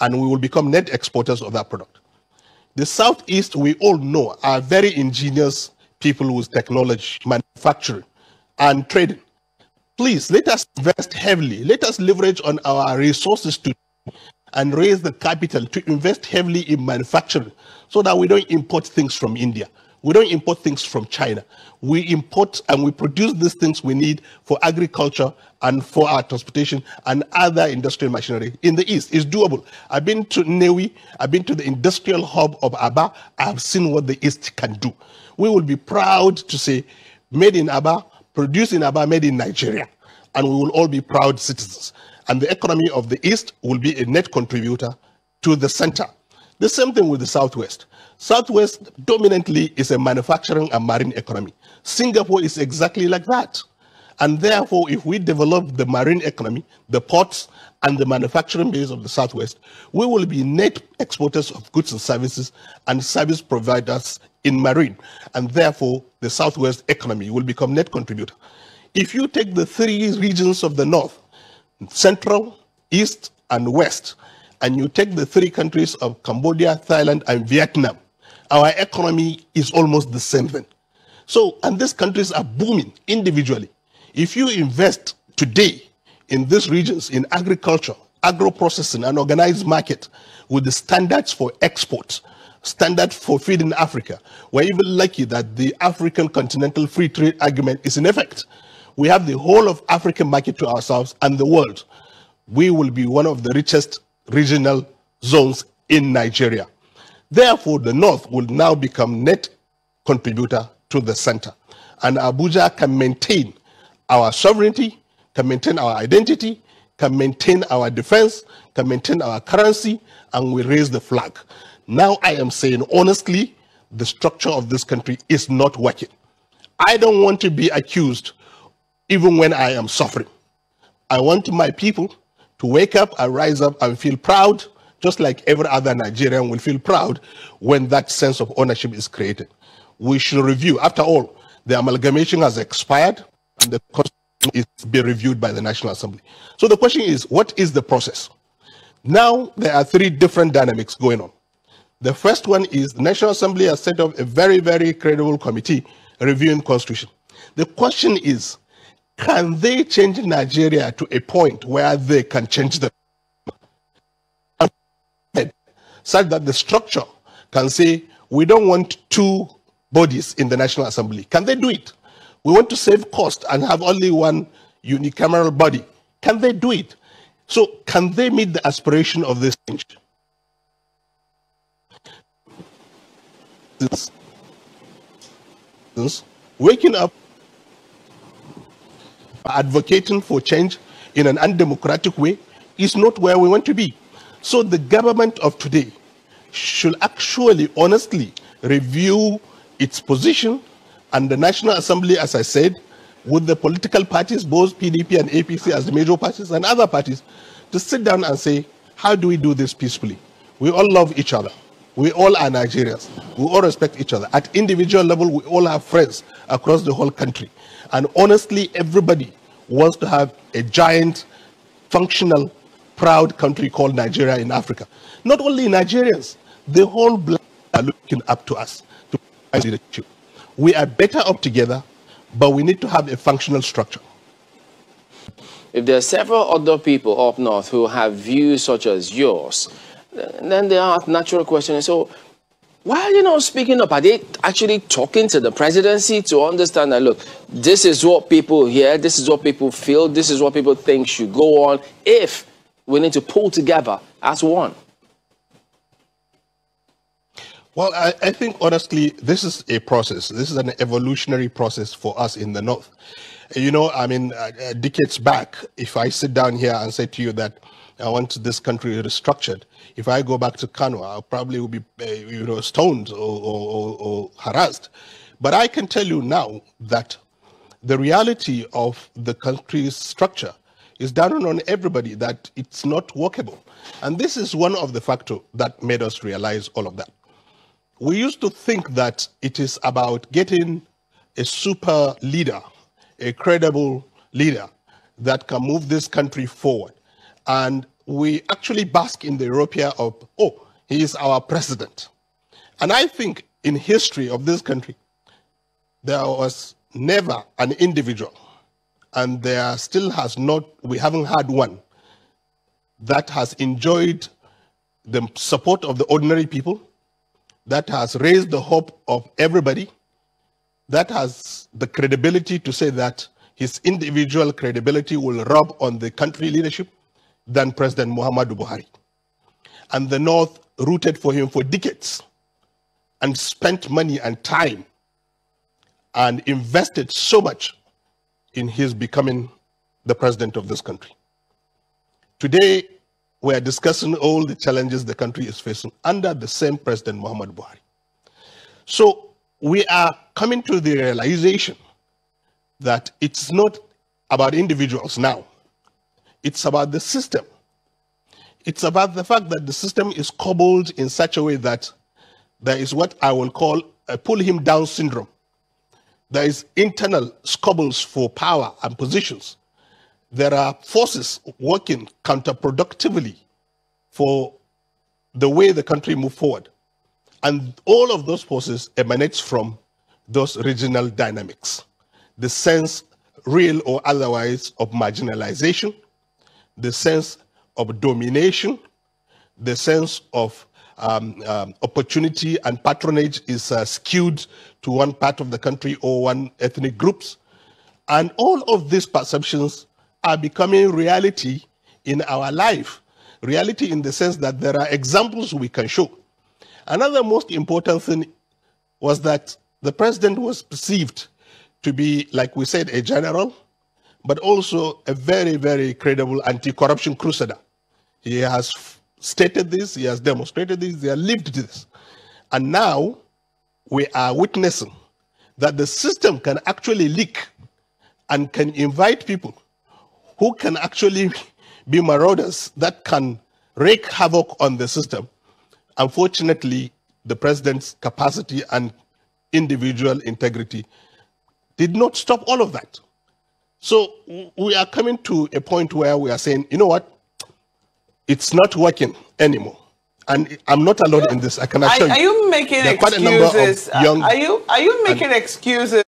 and we will become net exporters of that product. The Southeast, we all know, are very ingenious people with technology, manufacturing and trading. Please let us invest heavily. Let us leverage on our resources to and raise the capital to invest heavily in manufacturing so that we don't import things from India. We don't import things from China. We import and we produce these things we need for agriculture and for our transportation and other industrial machinery in the East. It's doable. I've been to Newi, I've been to the industrial hub of Aba. I've seen what the East can do. We will be proud to say, made in Aba, produced in Aba, made in Nigeria. And we will all be proud citizens. And the economy of the East will be a net contributor to the center. The same thing with the Southwest. Southwest dominantly is a manufacturing and marine economy. Singapore is exactly like that. And therefore, if we develop the marine economy, the ports, and the manufacturing base of the Southwest, we will be net exporters of goods and services and service providers in marine, and therefore the Southwest economy will become net contributor. If you take the three regions of the North, Central, East, and West, and you take the three countries of Cambodia, Thailand, and Vietnam, our economy is almost the same thing. So, and these countries are booming individually. If you invest today in these regions, in agriculture, agro-processing, and organized market with the standards for export, standard for feeding Africa. We're even lucky that the African continental free trade agreement is in effect. We have the whole of African market to ourselves and the world. We will be one of the richest regional zones in Nigeria. Therefore, the North will now become net contributor to the center. And Abuja can maintain our sovereignty, can maintain our identity, can maintain our defense, can maintain our currency, and we raise the flag. Now I am saying honestly, the structure of this country is not working. I don't want to be accused even when I am suffering. I want my people to wake up and rise up and feel proud, just like every other Nigerian will feel proud when that sense of ownership is created. We should review. After all, the amalgamation has expired and the constitution is being reviewed by the National Assembly. So the question is, what is the process? Now there are three different dynamics going on. The first one is the National Assembly has set up a very, very credible committee reviewing constitution. The question is, can they change Nigeria to a point where they can change the such that the structure can say, we don't want two bodies in the National Assembly. Can they do it? We want to save cost and have only one unicameral body. Can they do it? So can they meet the aspiration of this change? citizens waking up advocating for change in an undemocratic way is not where we want to be. So the government of today should actually honestly review its position and the National Assembly, as I said, with the political parties, both PDP and APC as the major parties and other parties, to sit down and say, how do we do this peacefully? We all love each other. We all are Nigerians. We all respect each other. At individual level, we all are friends across the whole country. And honestly, everybody wants to have a giant, functional, proud country called Nigeria in Africa. Not only Nigerians, the whole black are looking up to us to leadership. We are better up together, but we need to have a functional structure. If there are several other people up north who have views such as yours, then they ask natural question. So why are you not speaking up? Are they actually talking to the presidency to understand that, look, this is what people hear, this is what people feel, this is what people think should go on if we need to pull together as one? Well, I, I think honestly, this is a process. This is an evolutionary process for us in the North. You know, I mean, uh, uh decades back, if I sit down here and say to you that, once this country is restructured, if I go back to Kanwa, I probably will be, uh, you know, stoned or, or, or harassed. But I can tell you now that the reality of the country's structure is down on everybody that it's not workable. And this is one of the factors that made us realize all of that. We used to think that it is about getting a super leader, a credible leader that can move this country forward. And we actually bask in the Europia of, oh, he is our president. And I think in history of this country, there was never an individual, and there still has not, we haven't had one, that has enjoyed the support of the ordinary people, that has raised the hope of everybody, that has the credibility to say that his individual credibility will rub on the country leadership, than President Muhammadu Buhari. And the North rooted for him for decades and spent money and time and invested so much in his becoming the president of this country. Today, we are discussing all the challenges the country is facing under the same President Muhammad Buhari. So we are coming to the realization that it's not about individuals now. It's about the system. It's about the fact that the system is cobbled in such a way that there is what I will call a pull him down syndrome. There is internal squabbles for power and positions. There are forces working counterproductively for the way the country move forward. And all of those forces emanates from those regional dynamics. The sense, real or otherwise, of marginalization, the sense of domination, the sense of um, um, opportunity and patronage is uh, skewed to one part of the country or one ethnic groups. And all of these perceptions are becoming reality in our life. Reality in the sense that there are examples we can show. Another most important thing was that the president was perceived to be, like we said, a general, but also a very, very credible anti-corruption crusader. He has stated this, he has demonstrated this, he has lived this. And now we are witnessing that the system can actually leak and can invite people who can actually be marauders that can wreak havoc on the system. Unfortunately, the president's capacity and individual integrity did not stop all of that. So we are coming to a point where we are saying, you know what? It's not working anymore. And I'm not alone in this. I can assure you. Are you making there excuses? Are, young are you are you making excuses?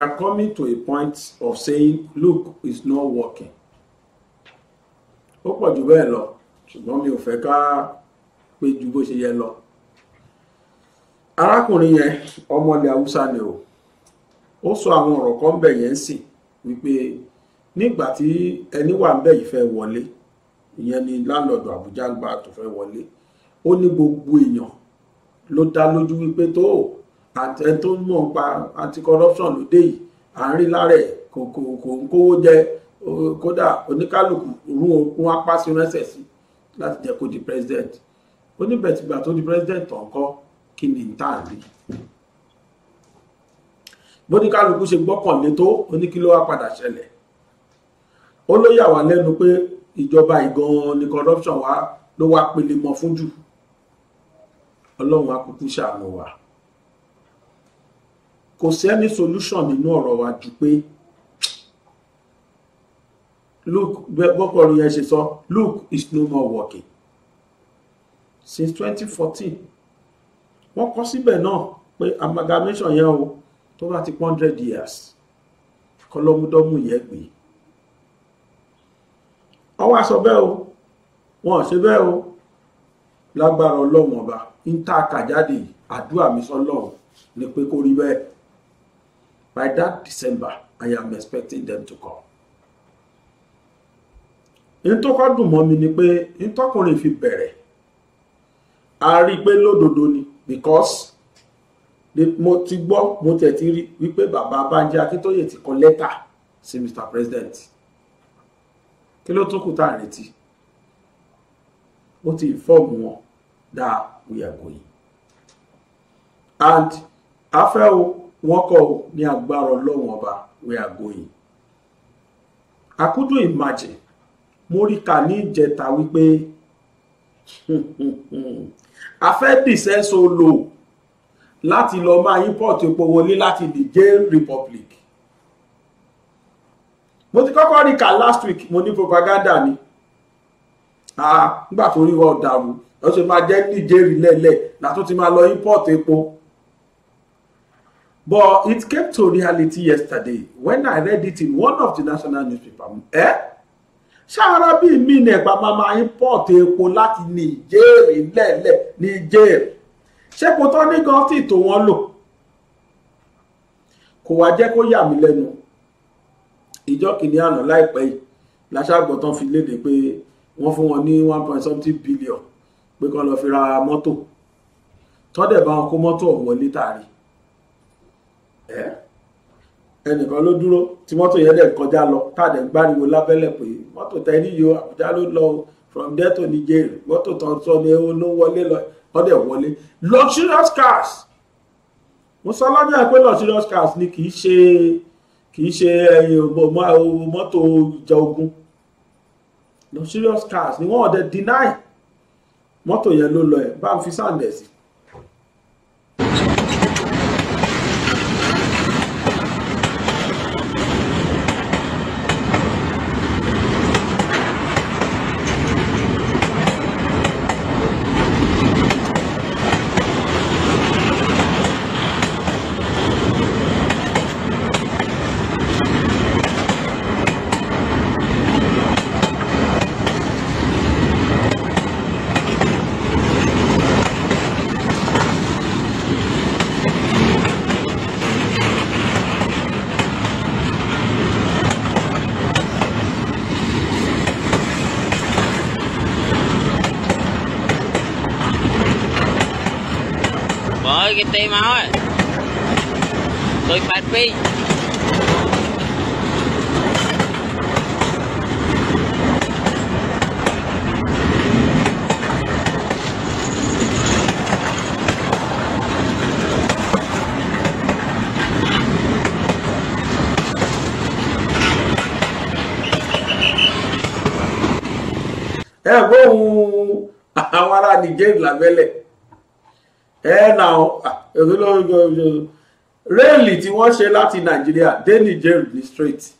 Are coming to a point of saying, look, it's not working. Opa ṣùgbọ́n mi ò fẹ́ ká pé lo ṣe o pe ju yẹn lo omo o. ó sọ àwọn ọ̀rọ̀ kan bẹ̀ yẹn sì wípé nígbà tí ẹni wà ń yìí fẹ́ wọlé ìyẹn ni láńlọ́ọ̀dù àbújá ń gbà tó fẹ́ wọlé ó ní gbogbo èèyàn ló dá lójú wípé tó àtẹ tó ń mọ̀ pa anti corruption lóde yìí à ń rí lára ẹ̀ kò kò kò ń kówó jẹ kódà oníkálukú rún okun apásí ránṣẹ́ sí láti jẹ́ kó di president ó ní bẹ̀tìgbà tó di president ọ̀ńkọ́ kí ni ń tà ní bóníkálukú ṣe gbọ́kànlé tó oníkíló wá padà ṣẹlẹ̀ ó ló yà wá lẹ́nu pé ìjọba ìgan ni corruption wa ló wá pele mọ́ fún jù ọlọ́run akúkú ṣàánú wa kò sẹ́ni solution nínú ọ̀rọ̀ wa jù pé look bọ́kọ̀rọ̀ yẹn ṣe sọ look is no more working since 2014 wọ́n kọ́ síbẹ̀ náà pé amalgamation yẹn o tó bá ti hundred years kọlọ́múdọ́mù yẹn gbé ọwọ́ aṣọ bẹ́ẹ̀ o wọn ṣe bẹ́ẹ̀ o lágbára ọlọ́run ọba ń tá a àdúrà mi sọlọ́run ni pé kó rí bẹ́ẹ̀ by that December I am expecting them to come. n tó kọ́ dùn mọ́ mi ni pé n fi bẹ̀rẹ̀ a rí i pé lódodo ni because mo ti gbọ́ mo tẹ̀ ti rí wípé bàbá Bánjí Akíntóyè ti kọ lẹ́tà sí Mr President kí ló tún kù tá à ń retí ó ti fọ́ọ̀mù wọn dáa òyàgò yìí and afẹ́ o wọ́n kọ́ o ní agbára ọlọ́wọ́n ọba òyàgò yìí I couldn't imagine mo rí kà ní ìjẹta wípé afẹ́ dìsẹ́ so lò. láti lọ máa import epo wọlé láti Niger Republic mo ti kọ́kọ́ rí kà last week mo ní propaganda ni nígbà tó rí wọn dàrú lọ́sọ̀ máa jẹ́ Niger lẹ́lẹ̀ látún ti máa lọ import epo. But it came to reality yesterday when I read it in one of the national newspapers. Eh? ṣáárá bíi mí nẹ̀pà máa máa import epo láti Niger lẹ́lẹ̀ Niger ṣépo tán ní gan tí ìtò wọn lò kò wá jẹ́ kó yà mí lẹ́nu ìjọ kìíní àná láìpẹ́ yìí làṣàgbọ̀n tán fi léde pé wọ́n fún wọn ní one point something billion pé kán lọ́ọ́ fi ra mọ́tò tọ́dẹ̀ bá wọn kó mọ́tò ọ̀hún wọlé tààrí ẹnìkan ló dúró tí mọ́tò yẹn dẹ̀ kọjá lọ tàdé gbáriwo lábẹ́lẹ̀ pé mọ́tò tẹ́lí yo Àbújá ló lọ from there to Nigeria mọ́tò tán sọ ni ó ló wọlé lọ ọdẹ wọlé luxurious cars mo sọ lọ́jọ́ ẹ pé luxurious cars ni kì í ṣe kì í ṣe eh, mọ́tò ìjà ogun luxurious cars ni wọ́n ọ̀dẹ deny mọ́tò yẹn ló lọ ẹ̀ bá ń fi sàǹdẹ̀ sí máu tôi ទេមកលុយ 82ẹ fóun àwọn ará nìjẹ́rì lábẹ́lẹ̀ ẹ nà réèlì tí wọ́n ṣe láti nàìjíríà dé niger ní straight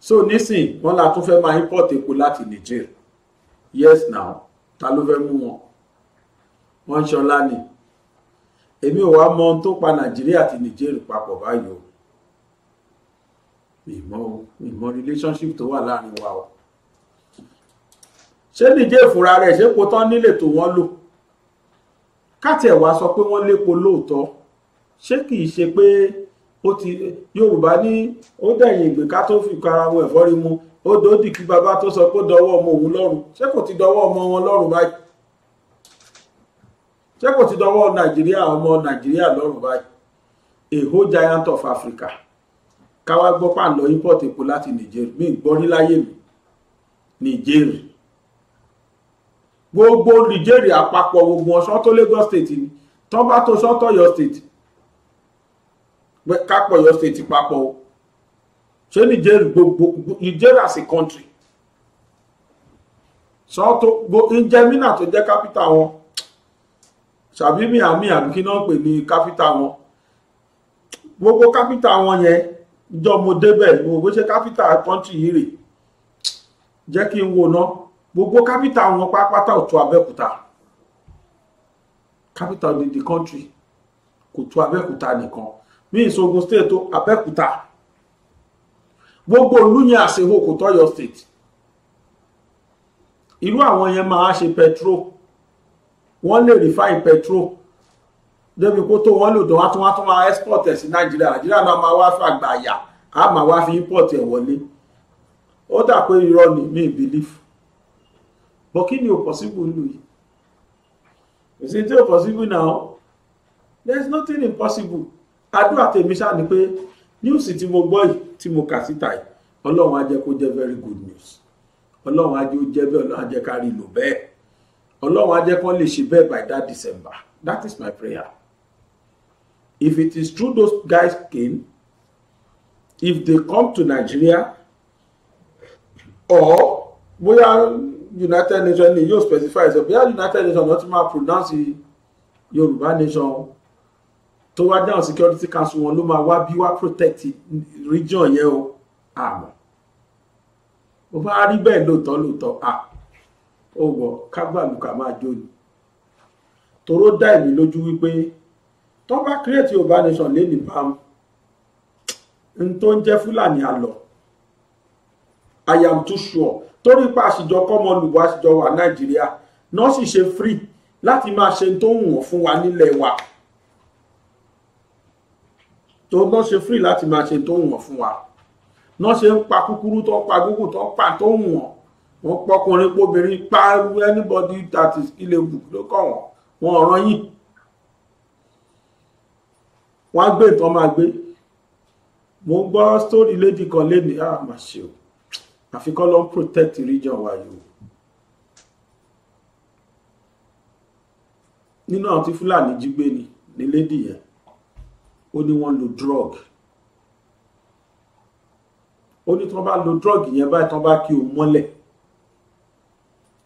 so nísìn wọn la tún fẹ́ máa import epo láti niger yes now ta ló fẹ́ mú wọn wọn ń ṣọlá ni èmi ò wá mọ ohun tó pa nàìjíríà àti niger papọ̀ báyìí o ìmọ̀ o ìmọ̀ relationship tó wà láàrin wa o ṣé niger fúnra rẹ̀ ṣé kò tán nílé tó wọ́n lò káàtì ẹ̀wà sọ pé wọ́n lépo lóòótọ́ ṣé kì í ṣe pé ó ti yorùbá ní ó dẹ̀yìn ìgbé ká tó fi kara wọn ẹ̀fọ́rí mu ó dòódì kí bàbá tó sọ pé dọwọ́ ọmọ òun lọ́rùn ṣé kò ti dọwọ́ ọmọ wọn lọ́rùn báyìí ṣé kò ti dọwọ́ nàìjíríà ọmọ nàìjíríà lọ́rùn báyìí a whole giant of Africa káwá gbọ́ pàlọ́ import epo láti Niger mi gbọ́ rí mi Niger gbogbo nìjẹ́rì àpapọ̀ gbogbo ọ̀ṣọ́ tó Lagos state ni tán bá tó sọ́tọ̀ Ọ̀yọ́ state kápọ̀ Ọ̀yọ́ state papọ̀ o ṣé nìjẹ́rì gbogbo nìjẹ́rì as a country sọ́tọ̀ gbogbo njẹ́mínà tó jẹ́ capital wọn ṣàbí miami àbí kí náà pè ní kápítà wọn gbogbo kápítà wọn yẹn jọ mo débẹ̀ mo gbé ṣe kápítà country yìí rè jẹ́ kí n wo náà gbogbo capital wọn pápátá ò tó Capital in the country kò tó abẹ́òkúta nìkan ní ìṣogun state tó abẹ́òkúta gbogbo ìlú yẹn àṣehò kò tọ́yọ̀ state irú àwọn yẹn máa ṣe petrol wọ́n lè refine petrol débi kó tó wọ́n lò dán wá tó wá tó máa export ẹ̀ sí nàìjíríà nàìjíríà náà máa wá fàgbà àyà á máa wá fi import ẹ̀ wọlé ó dà pé irọ́ ni mi believe But kí ni ò possible lù yìí kò sí tí ò possible now? there is nothing impossible àdúrà tèmi ṣáà ni pé news tí mo gbọ́ yìí tí mo kà síta yìí ọlọ́run á kó jẹ́ very good news ọlọ́run á jẹ́ ó jẹ́ bẹ́ẹ̀ ọlọ́run á jẹ́ lò bẹ́ẹ̀ ọlọ́run á jẹ́ lè ṣe bẹ́ẹ̀ by that December that is my prayer if it is true those guys came if they come to Nigeria or we'll united nations ni yóò specify So, bóyá united nations náà ti máa pronounce yorùbá nation tó wá dáhùn security council wọn ló máa wá bí wá protect region yẹn o àmọ́ mo bá rí bẹ́ẹ̀ lóòótọ́ lóòótọ́ à ó wọ kágbàlùkà máa jó ni toró dá èmi lójú wípé tó bá create yorùbá nation lé ní bámu n tó ń jẹ́ fúlàní àlọ́ i am too sure torí pa àṣìjọ kọ́mọ lùbọ́ àṣìjọ wà nàìjíríà náà sì ṣe free láti máa ṣe tó ń wọ̀n fún wa nílẹ̀ wa tó náà ṣe free láti máa ṣe tó ń wọ̀n fún wa náà ṣe ń pa kúkúrú tó ń pa gúgù tó ń pa tó ń wọ̀n wọ́n pọkùnrin pobìnrin pa anybody that is killable ló kọ̀ wọ́n wọn ọ̀ràn yìí wọ́n á gbé ìtàn máa gbé mo gbọ́ story lady kan lé ní àmàṣe ah, o àfi kọ́ ló ń protect region wa yìí o nínú àwọn tí fúlàní jí gbé ni ní lady ó ní wọ́n lo drug ó ní tí wọ́n bá lo drug yẹn báyìí tí wọ́n bá kí o mọ́lẹ̀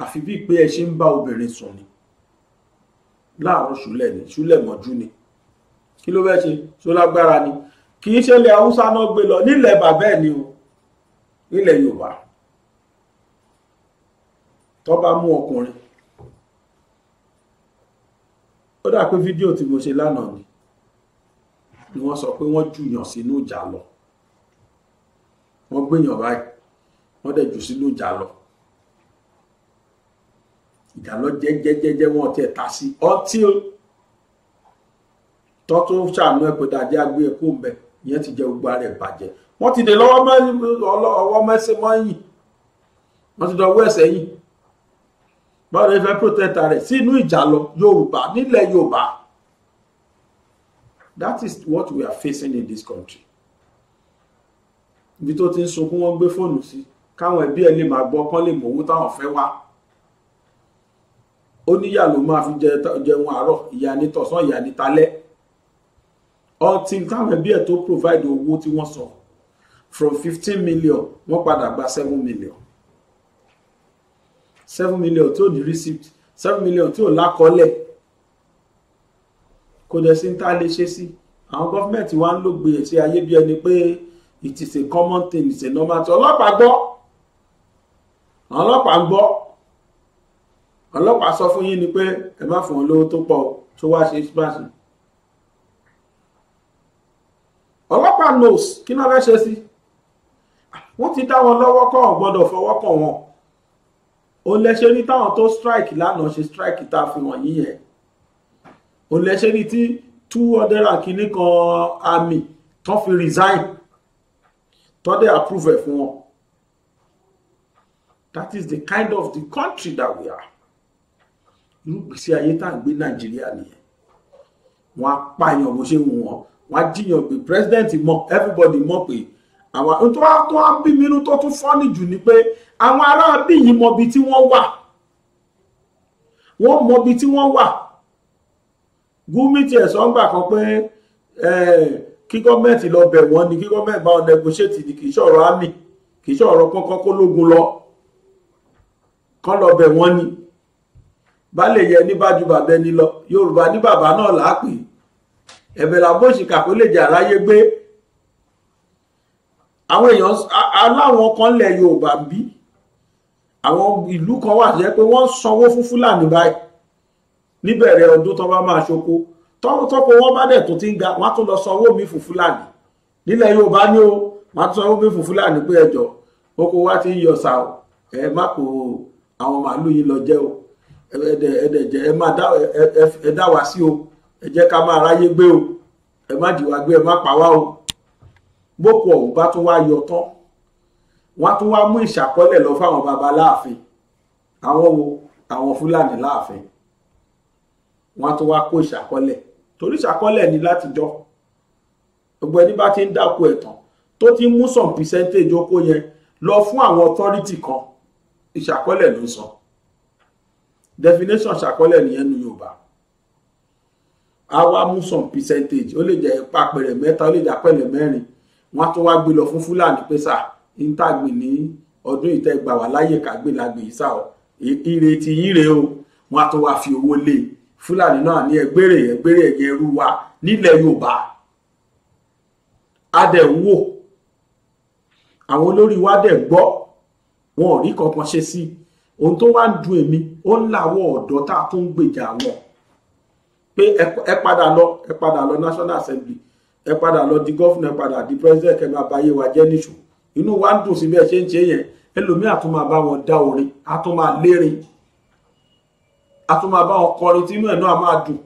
àfi bíi pé ẹ ṣe ń bá obìnrin sùn ni láàárọ̀ ṣúlẹ̀ ni ṣúlẹ̀ mọ́jú ni kí ló fẹ́ ṣe ṣó lágbára ni kì í ṣe ilẹ̀ haúsá náà gbé lọ nílẹ̀ bàbá ẹ̀ ni o nílẹ̀ yorùbá tó bá mú ọkùnrin ó dà pé fídíò tí mo ṣe lánàá ni ni wọ́n sọ pé wọ́n jùyàn sínú ìjà lọ wọ́n gbéyàn báyìí wọ́n dẹ̀ jù sínú ìjà lọ ìjà lọ jẹ́jẹ́jẹ́jẹ́ wọn ti ẹ̀ ta sí ọtí tó tún ṣàánú ẹ̀ pé dàdí agbé ẹ̀kọ́ mbẹ́ ìyẹn ti jẹ gbogbo ara ẹ̀ bàjẹ́ ti dè lọ́wọ́ ọwọ́ mẹ́sẹ̀ mọ́yìn wọ́n ti dọ̀wọ́ ẹ̀sẹ̀ yìí báwo ni fẹ́ protector rẹ̀ sínú ìjà lọ Yorùbá nílẹ̀ Yorùbá that is what we are facing in this country ibi tó ti ń sunkún wọ́n gbé fóònù sí káwọn ẹbí ẹ lè máa gbọ́ kán lè mọ owó táwọn fẹ́ wá ó níyà ló máa fi jẹun àárọ̀ ìyá ni tọ̀sán ìyá ni talẹ́ until táwọn ẹbí ẹ̀ tó provide owó tí wọ́n sọ from fifteen million wọ́n padà gba seven million seven million tí ò ní receipt seven million tí ò lákọọ́lẹ̀ kò dẹ̀ sí tá a lè ṣe sí àwọn gọ́fìmẹ̀ntì wa ń lògbé ẹ̀ e sí ayé bí ẹni pé it is a common thing it is a normal thing ọlọ́pàá gbọ́ àwọn ọlọ́pàá ń gbọ́ ọlọ́pàá sọ fún yín ni pé ẹ má fún wọn lówó tó pọ̀ tó wá ṣe báṣìí Allah knows kí náà fẹ́ ṣe sí wọ́n ti dá wọn lọ́wọ́ kọ́ ọ̀ gbọ́dọ̀ fọwọ́ kàn wọ́n ó lẹ́ṣẹ́ ní táwọn tó strike lánàá ṣe strike tá a fi wọ̀n yí yẹn ó lẹ́ṣẹ́ ní tí two hundred and kìíní kan army tó fi resign tó dé approve ẹ̀ fún wọn that is the kind of the country that we are irú gbèsè ayé tá à ń gbé nàìjíríà nìyẹn wọn á pààyàn bó ṣe wù wọn wàá jiyàn pé president mọ̀ everybody mọ̀ pé àwọn ohun tó wá tó wá bí mi inú tó tún fọ́nì jù ni pé àwọn ará bí yìí mọbi tí wọ́n wà wọ́n mọbi tí wọ́n wà Gumi tiẹ̀ sọ ń gbà kan pé kí gọ́ọ̀mẹ̀ntì lọ bẹ̀ wọ́n ni kí gọ́ọ̀mẹ̀ntì bá wọn negotiate ni kì í ṣọ̀rọ̀ àmì kì í ṣọ̀rọ̀ kankan kó lógun lọ kán lọ bẹ̀ wọ́n ni baálé yẹ ní bájú bàbá ẹni lọ Yorùbá ní bàbá náà làá ẹ̀bẹ̀ làbó òṣìkà kó lè jà ráyé gbé àwọn èèyàn aláwọn kan lẹ̀ Yorùbá ń bí àwọn ìlú kan wà tó yẹ pé wọ́n sanwó fún Fúlàní báyìí níbẹ̀rẹ̀ ọdún tó bá máa ṣoko tọ́wọ́ tọ́kọ bá dẹ̀ tó ti ń ga wọ́n á tún lọ sanwó mi fún Fúlàní nílẹ̀ Yorùbá ní o wọ́n á tún sanwó mi fún Fúlàní pé ẹjọ́ oko wa ti ń yọ sa o ẹ má kó àwọn màálù yìí lọ jẹ o ẹ dẹ̀ jẹ́ ẹ má dá wa sí o ẹ jẹ́ ká máa ráyé gbé o ẹ má dìwà gbé ẹ má pa wá o boko ọ̀hún bá tún wá yọ tán wọ́n tún wá mú ìṣàkọ́lẹ̀ lọ fáwọn baba láàfin àwọn wo àwọn fúlàní láàfin wọ́n tún wá kó ìṣàkọ́lẹ̀ torí ìṣàkọ́lẹ̀ ni látijọ́ gbogbo ẹni bá ti ń dáko ẹ̀tàn tó ti mú some percentage oko yẹn lọ fún àwọn authority kan ìṣàkọ́lẹ̀ ló ń sọ definition ìṣàkọ́lẹ̀ nìyẹn ní yorùbá Awa wá some percentage ó lè jẹ́ ipa pẹ̀rẹ̀ mẹ́ta ó lè jẹ́ apẹ̀lẹ̀ mẹ́rin wọ́n á tún wá gbé lọ fún fúlàní pé sà ntàgbìn ní ọdún ìtẹ́gbà wà láyè kágbé lágbè yìí sà ọ ire ti yín rèé o wọ́n á tún wá fi owó lé e. fúlàní náà ní ẹgbẹ́rẹ́ ẹgbẹ́rẹ́ ẹ̀yẹ ẹrú wa nílẹ̀ yorùbá á dẹ̀ wo wò lori olórí wa dẹ̀ gbọ́ wọn ò rí kankan ṣe sí ohun tó wá ń dùn èmi ó ń làwọ̀ ọ̀dọ́ tá a tún ń pé ẹ padà lọ ẹ padà lọ national assembly ẹ padà lọ di gọ́fìnà ẹ padà di president kẹ́ máa báyé wa jẹ́ níṣù inú wa ń dùn sí bí ẹ ṣe ń ṣe yẹn ẹlòmíà tún máa bá wọn dá orin a tún máa lérin a tún máa bá wọn kọrin tí inú ẹ̀ náà máa dùn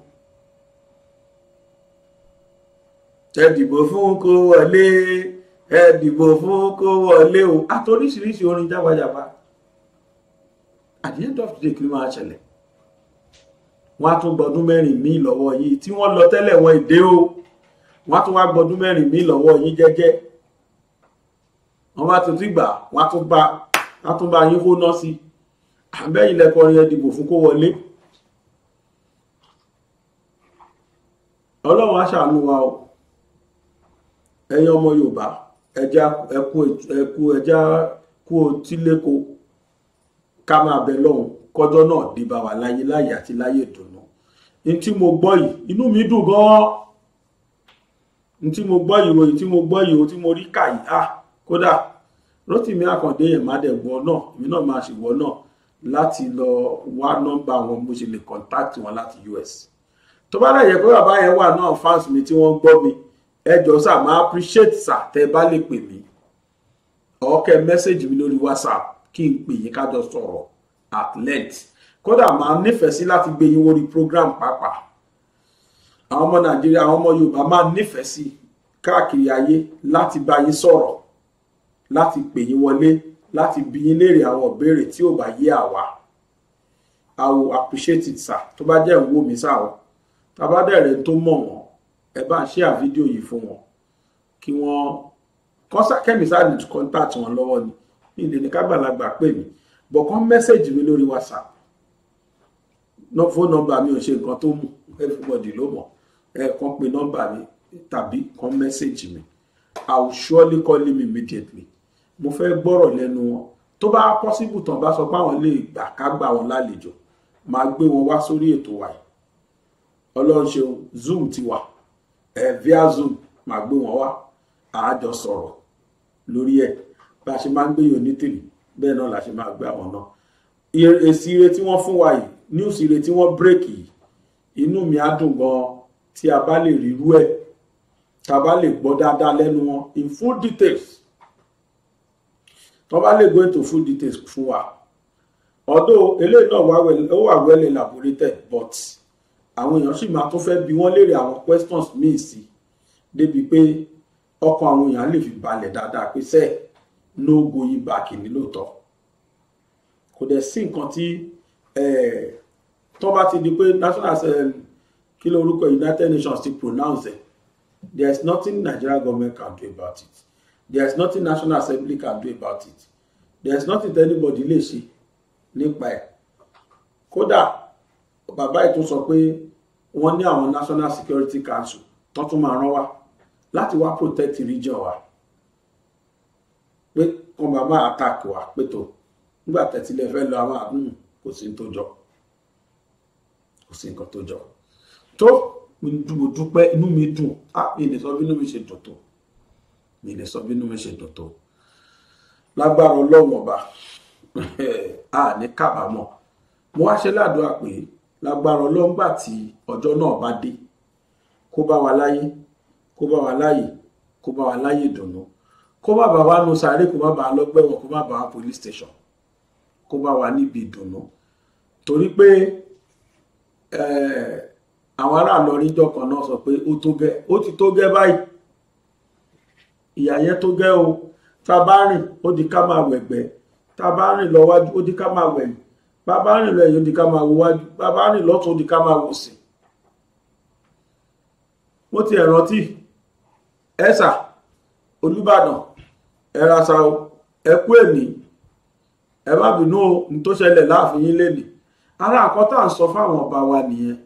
ẹ dìbò fún kó wọlé ẹ dìbò fún kó wọlé o àtòríṣiríṣi orin jábàjábà at the end of the day kí ló máa ṣẹlẹ̀ wọ́n á tún gbọdún mẹ́rin míì lọ́wọ́ yìí tí wọ́n lọ tẹ́lẹ̀ wọn èdè o wọ́n á tún wá gbọdún mẹ́rin míì lọ́wọ́ yìí jẹ́jẹ́ wọ́n bá tún ti gbà wọ́n á tún bá wọ́n á tún bá yín hóná sí i àbẹ́yìn lẹ́kọrin ẹ fún kó wọlé ọlọ́run á wa o ẹ̀yin ọmọ yorùbá ẹja ẹkú ẹja kú otíléko ká máa bẹ lọ́hùn-ún kọjọ́ náà dé bá wa láyé láyé àti láyé ìdùnnú ní tí mo gbọ́ yìí inú mi dùn gan ní tí mo gbọ́ yìí ròyìn tí mo gbọ́ yìí o tí mo rí kà yìí ah kódà Rotimi Akande yẹn má dẹ̀ wọ́n náà èmi náà máa ṣe wọ́n náà láti lọ wá nọ́mbà wọn mo ṣe lè contact wọn láti US tó bá dẹ̀ yẹ pé bàbá yẹn wà náà fans mi tí wọ́n gbọ́ mi ẹ jọ sá máa appreciate sá tẹ bá lè pè mí ọ̀ọ́kẹ́ mẹ́sẹ̀gì mi lórí WhatsApp kí n pè yín ká jọ sọ̀rọ̀ at length kódà màá nífẹ̀ẹ́ sí láti gbé yín wórí program pàápàá àwọn ọmọ nàìjíríà àwọn ọmọ yorùbá máa nífẹ̀ẹ́ sí káàkiri ayé láti bá yín sọ̀rọ̀ láti pè yín wọlé láti bi yín léèrè àwọn ìbéèrè tí ò bá yé àwa i will appreciate it sir tó bá jẹ́ ìwò mi sáà tàbá dẹ̀rẹ̀ tó mọ̀ wọ́n ẹ bá ń share fídíò yìí fún wọn kí wọ́n kọ́sà kẹ́mi sáà ní contact wọn lọ́wọ́ ni mi lè ní kágbàlagbà pè mí 0244 but kàn mẹ́sẹ̀jì mi lórí whatsapp fóònù nọ́mbà mi ò ṣe nǹkan tó mú everybody ló mọ̀ ẹ kàn pe nọ́mbà mi tàbí kàn mẹ́sẹ̀jì mi i will surely call him immediately mo fẹ́ gbọ́rọ̀ lẹ́nu wọn tó bá possible tán bá sọ pé àwọn lè gbà ká gbà wọn lálejò máa gbé wọn wá sórí ètò wa yìí ọlọ́run ṣeun zoom ti wà ẹ̀ via zoom máa gbé wọn wá àájọ sọ̀rọ̀ lórí ẹ̀ bá a ṣe máa ń gbé yòó ní tèmi bẹ́ẹ̀ náà la ṣe máa gbé àwọn náà èsì ire tí wọ́n fún wa yìí news ire tí wọ́n bírèkì yìí inú mi á dùn gan-an tí a bá lè rírú ẹ̀ tá a bá lè gbọ́ dáadáa lẹ́nu wọn in full details tó bá lè go into full details fún wa although eléyìí náà ó wà well elaborated but àwọn èèyàn sì máa tún fẹ́ bi wọ́n léèrè àwọn questions míì sí débi pé ọkàn àwọn èèyàn lè fi balẹ̀ dáadáa pé sẹ́ẹ̀ no going back ni lóòótọ́ kò dẹ̀ sí nǹkan tí tó bá ti di pé national kí ló orúkọ United Nations ti pronounce ẹ̀ there is nothing Nigeria government can do about it there is nothing National Assembly can do about it there is nothing anybody lè ṣe nípa ẹ̀ kódà bàbá ètò sọ pé wọ́n ní àwọn National Security Council tó tún máa rán wa láti wá protect region wa pé wọ́n máa máa attack wa pétò nígbà tẹ̀tílẹ̀ fẹ́ lọ àwọn àdúnnù hmm, kò sí tó jọ kò sí nǹkan tó jọ tó mo dúpẹ́ inú mi dùn á mi lè sọ bí inú mi ṣe dùn tó mi lè sọ bí inú mi ṣe dùn tó lágbára ọlọ́wọ̀n ọba a ní kábàámọ̀ mo wá ṣe ládùúrà pé lágbára ọlọ́ngbà tí ọjọ́ náà bá dé kó bá wa láyé kó bá wa láyè kó bá wa láyè dùnú kó má bàa wá nu sàárè kó má bàa lọ́gbẹ́ wọn kó má bàa wá police station kó bá wà níbi ìdùnnú torí pé àwọn ará Ìlọrin jọ kan náà sọ pé ó tó gẹ́ ó ti tó gẹ́ báyìí ìyà tó gẹ́ o tá a bá rìn ó di ká máa wẹ̀gbẹ́ tá a bá rìn lọ wájú ó di ká máa wẹ̀yìn bá a bá rìn lọ ẹ̀yìn ó di ká máa wo wájú bá a bá rìn lọ́tún ó di ká máa wò sí i wọ́n ti ẹ̀ rántí ẹ̀sà Olúbàdàn ẹ sa o ẹ kú èní ẹ má bínú o ní tó ṣẹlẹ̀ láàfin yín lénìí ara àkọ́tà ń sọ fáwọn ọba wa nìyẹn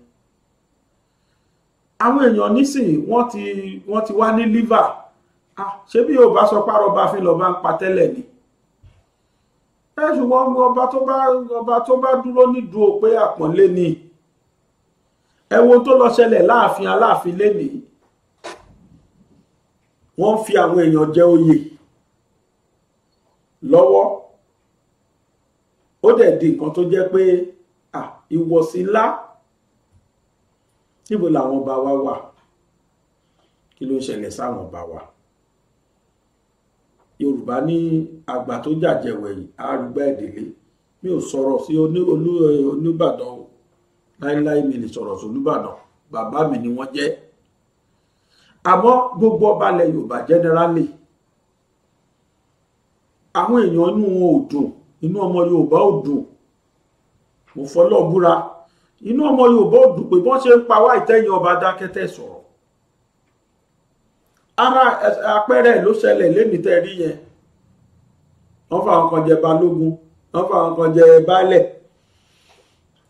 àwọn èèyàn nísìnyí wọ́n ti wọ́n ti wá ní liver ah ṣé bí yóò bá sọ párọ̀ bá fi lọ́ọ́ bá ń pa tẹ́lẹ̀ ni ẹ ṣùgbọ́n ọba tó bá ọba tó bá dúró nídùú pé àpọ́nlé ni ẹ wo tó lọ ṣẹlẹ̀ láàfin aláàfin lénìí wọ́n fi àwọn èèyàn jẹ oyè lọ́wọ́ ó dẹ̀ di nǹkan tó jẹ́ pé ìwọ̀sí ńlá níbo làwọn ọba wa wà kí ló ń ṣẹlẹ̀ sáwọn ọba wa yorùbá ní àgbà tó jàjẹwẹ̀yìn àrùgbá ìdílé mi ò sọ̀rọ̀ sí olúbàdàn o láíláí mi lè sọ̀rọ̀ sí olúbàdàn bàbá mi ni wọ́n jẹ́ àmọ́ gbogbo ọba ilẹ̀ yorùbá generally àwọn èèyàn inú wọn ò dùn inú ọmọ Yorùbá ò dùn mo fọlọ́ búra inú ọmọ Yorùbá ò dùn pé bọ́n ṣe ń pa wá ìtẹ́yìn ọba dákẹ́tẹ́ sọ̀rọ̀ ara àpẹẹrẹ ló ṣẹlẹ̀ lémi tẹ́ rí yẹn wọ́n fà wọn kan jẹ balógun wọ́n fà wọn kan jẹ baálẹ̀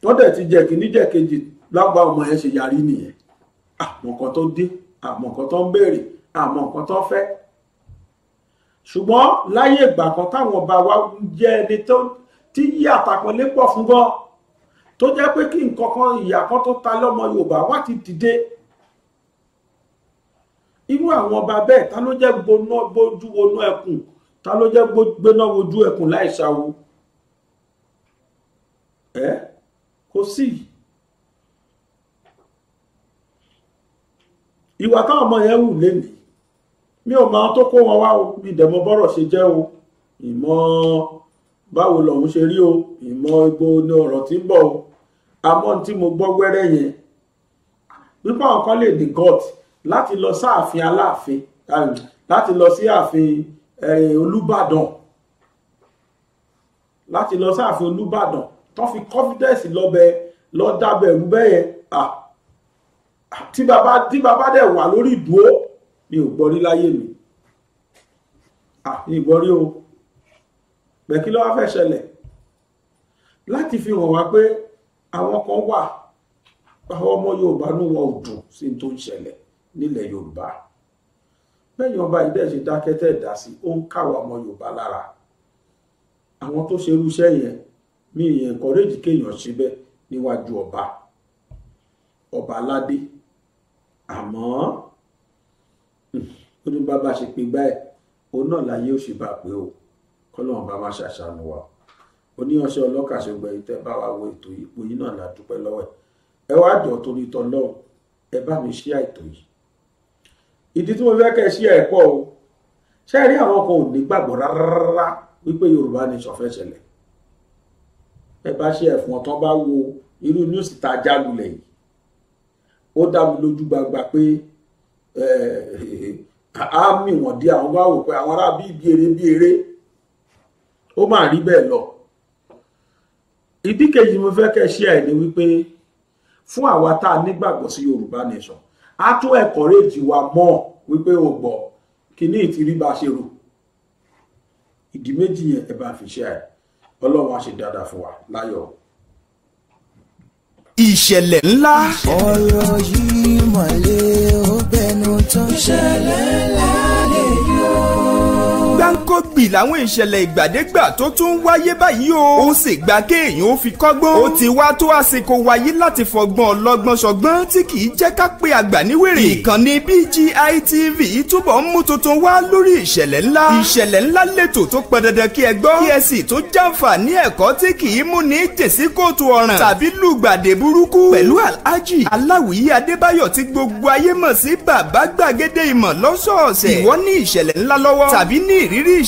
wọ́n dẹ̀ ti jẹ kìíní jẹ kejì lágbà ọmọ yẹn ṣe yarí nìyẹn àmọ̀kan tó dé àmọ̀kan tó ń béèrè àmọ̀kan tó fẹ́ ṣùgbọ́n láyé ìgbà kan táwọn ọba wa jẹ́ ẹni tí yí àtàpọ̀lé pọ̀ fún gan tó jẹ́ pé kí nǹkan kan ìyà kan tó ta lọ́mọ Yorùbá wá ti dìde irú àwọn ọba bẹ́ẹ̀ ta ló jẹ́ gbójú wonú ẹkùn ta ló jẹ́ gbéná wojú ẹkùn láì ṣàwo ẹ kò sí ìwà táwọn ọmọ yẹn wù lénìí mi ò mọ tó kó wọn wá o mi dẹ̀ mọ bọ́rọ̀ ṣe jẹ́ o ìmọ̀ báwo lọ̀hún ṣe rí o ìmọ̀ igbó ni ọ̀rọ̀ tí ń bọ̀ o àmọ́ tí mo gbọ́ gbẹ́rẹ́ yẹn wípé àwọn kan lè ní gut láti lọ sáàfin aláàfin um, láti lọ sí ààfin eh, olúbàdàn láti lọ sáàfin olúbàdàn tó fi confidence lọ́bẹ̀ lọ́ọ́ dábẹ̀rú ah, ah, tí bàbá dẹ̀ wà lórí ìdúró mi ò gbọ́ rí láyé mi ìgbọ́ rí o bẹ́ẹ̀ kí ló wá fẹ́ ṣẹlẹ̀ láti fi hàn wá pé àwọn kan wà àwọn ọmọ Yorùbá ní wọn ò dùn sí tó ń ṣẹlẹ̀ nílẹ̀ Yorùbá bẹ́ẹ̀ni ọba yìí dẹ̀ ṣe dákẹ́ tẹ̀ dá sí ó ń káwọ́ ọmọ Yorùbá lára àwọn tó ṣerú iṣẹ́ yẹn mi ìyẹn kọ́rẹ́jì kéèyàn ṣe níwájú ọba ọba aládé àmọ́ Hmm. ó ní bàbá ṣe pé gbá ẹ̀ òun náà láyé ó sì bá pé o kọ́lọ́run bá má ṣàṣàánú wa oníyanṣẹ́ ọlọ́kàṣẹ́ gbẹ̀yìn tẹ́ bá wa wo ètò yìí ipò yìí náà la dúpẹ́ lọ́wọ́ ẹ̀ ẹ wá dọ̀ torí tọ́lọ́run ẹ bá mi ṣí àìtó yìí ìdí tí mo fẹ́ kẹ́ ṣí ẹ̀kọ́ o ṣe rí àwọn kan ò ní gbàgbọ́ rárá wípé Yorùbá nation fẹ́ ṣẹlẹ̀ ẹ bá ṣe ẹ̀fọn tán bá wo irú níwùsì tá a já lulẹ̀ yìí ó dá mi lójú gbagba pé á eh, eh, eh, ah, mì wọ́n dé àwọn bá wò pé àwọn ará bí ibi eré bí eré ó mà rí bẹ́ẹ̀ lọ ìdí kejì mo fẹ́ kẹ́ ṣe ẹ̀ ni wípé fún àwa tá a nígbàgbọ́ sí Yorùbá nation á tún encourage wa mọ́ wípé o gbọ́ kíní ìtìrí bá ṣe rò ìdí méjì yẹn ẹ bá fi ṣe ẹ Ọlọ́run á ṣe dáadáa fún wa láyọ̀. ìṣẹ̀lẹ̀ ńlá. ọ̀rọ̀ yìí mọ̀lẹ́. Jerusalem gbòbì làwọn ìṣẹ̀lẹ̀ ìgbàdégbà tó tún ń wáyé báyìí o. ó sì gba kéèyàn ó fi kọ́gbọ́n. ó ti wá tó àsìkò wáyé láti fọgbọ́n ọlọ́gbọ́n ṣọgbọ́n tí kì í jẹ́ ká pé àgbà níwèrè. ìkànnì BGI TV túbọ̀ ń mú tuntun wá lórí ìṣẹ̀lẹ̀ ńlá. ìṣẹ̀lẹ̀ ńlá lètò tó pọn dandan kí ẹ gbọ́. kí ẹ sì tó jàǹfà ní ẹ̀kọ́ tí kì í mú ní tèsí kóòtù ọ̀ràn. tàbí lùgbàdé burúkú. pẹ̀lú alhaji aláwìyí adébáyọ̀ tí gbogbo ayé mọ̀ sí bàbá gbàgede ìmọ̀ lọ́sọ̀ọ̀sẹ̀. ìwọ ní ìṣẹ̀lẹ̀ ńlá lọ́wọ́. tàbí ní ìrírí ìṣ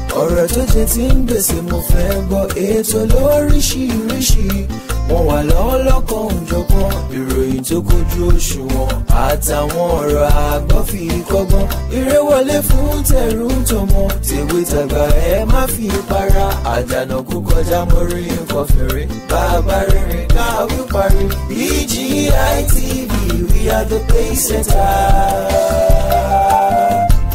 ọ̀rọ̀ tó jẹ ti ń gbèsè mo fẹ́ gbọ́ ètò lóríṣiríṣi wọ́n wà lọ́wọ́ lọ́kàn òjọ̀kan ìròyìn tó kojú òṣùwọ̀n àtàwọn ọ̀rọ̀ àgbọ́ fi kọ́gbọ́n eré wọlé fún tẹ̀rù tọmọ tèwe tàgbà ẹ má fi para àdànà kú kọjá mọ́rí nǹkan bàbá rere káwí parí BGI e we are the pace setters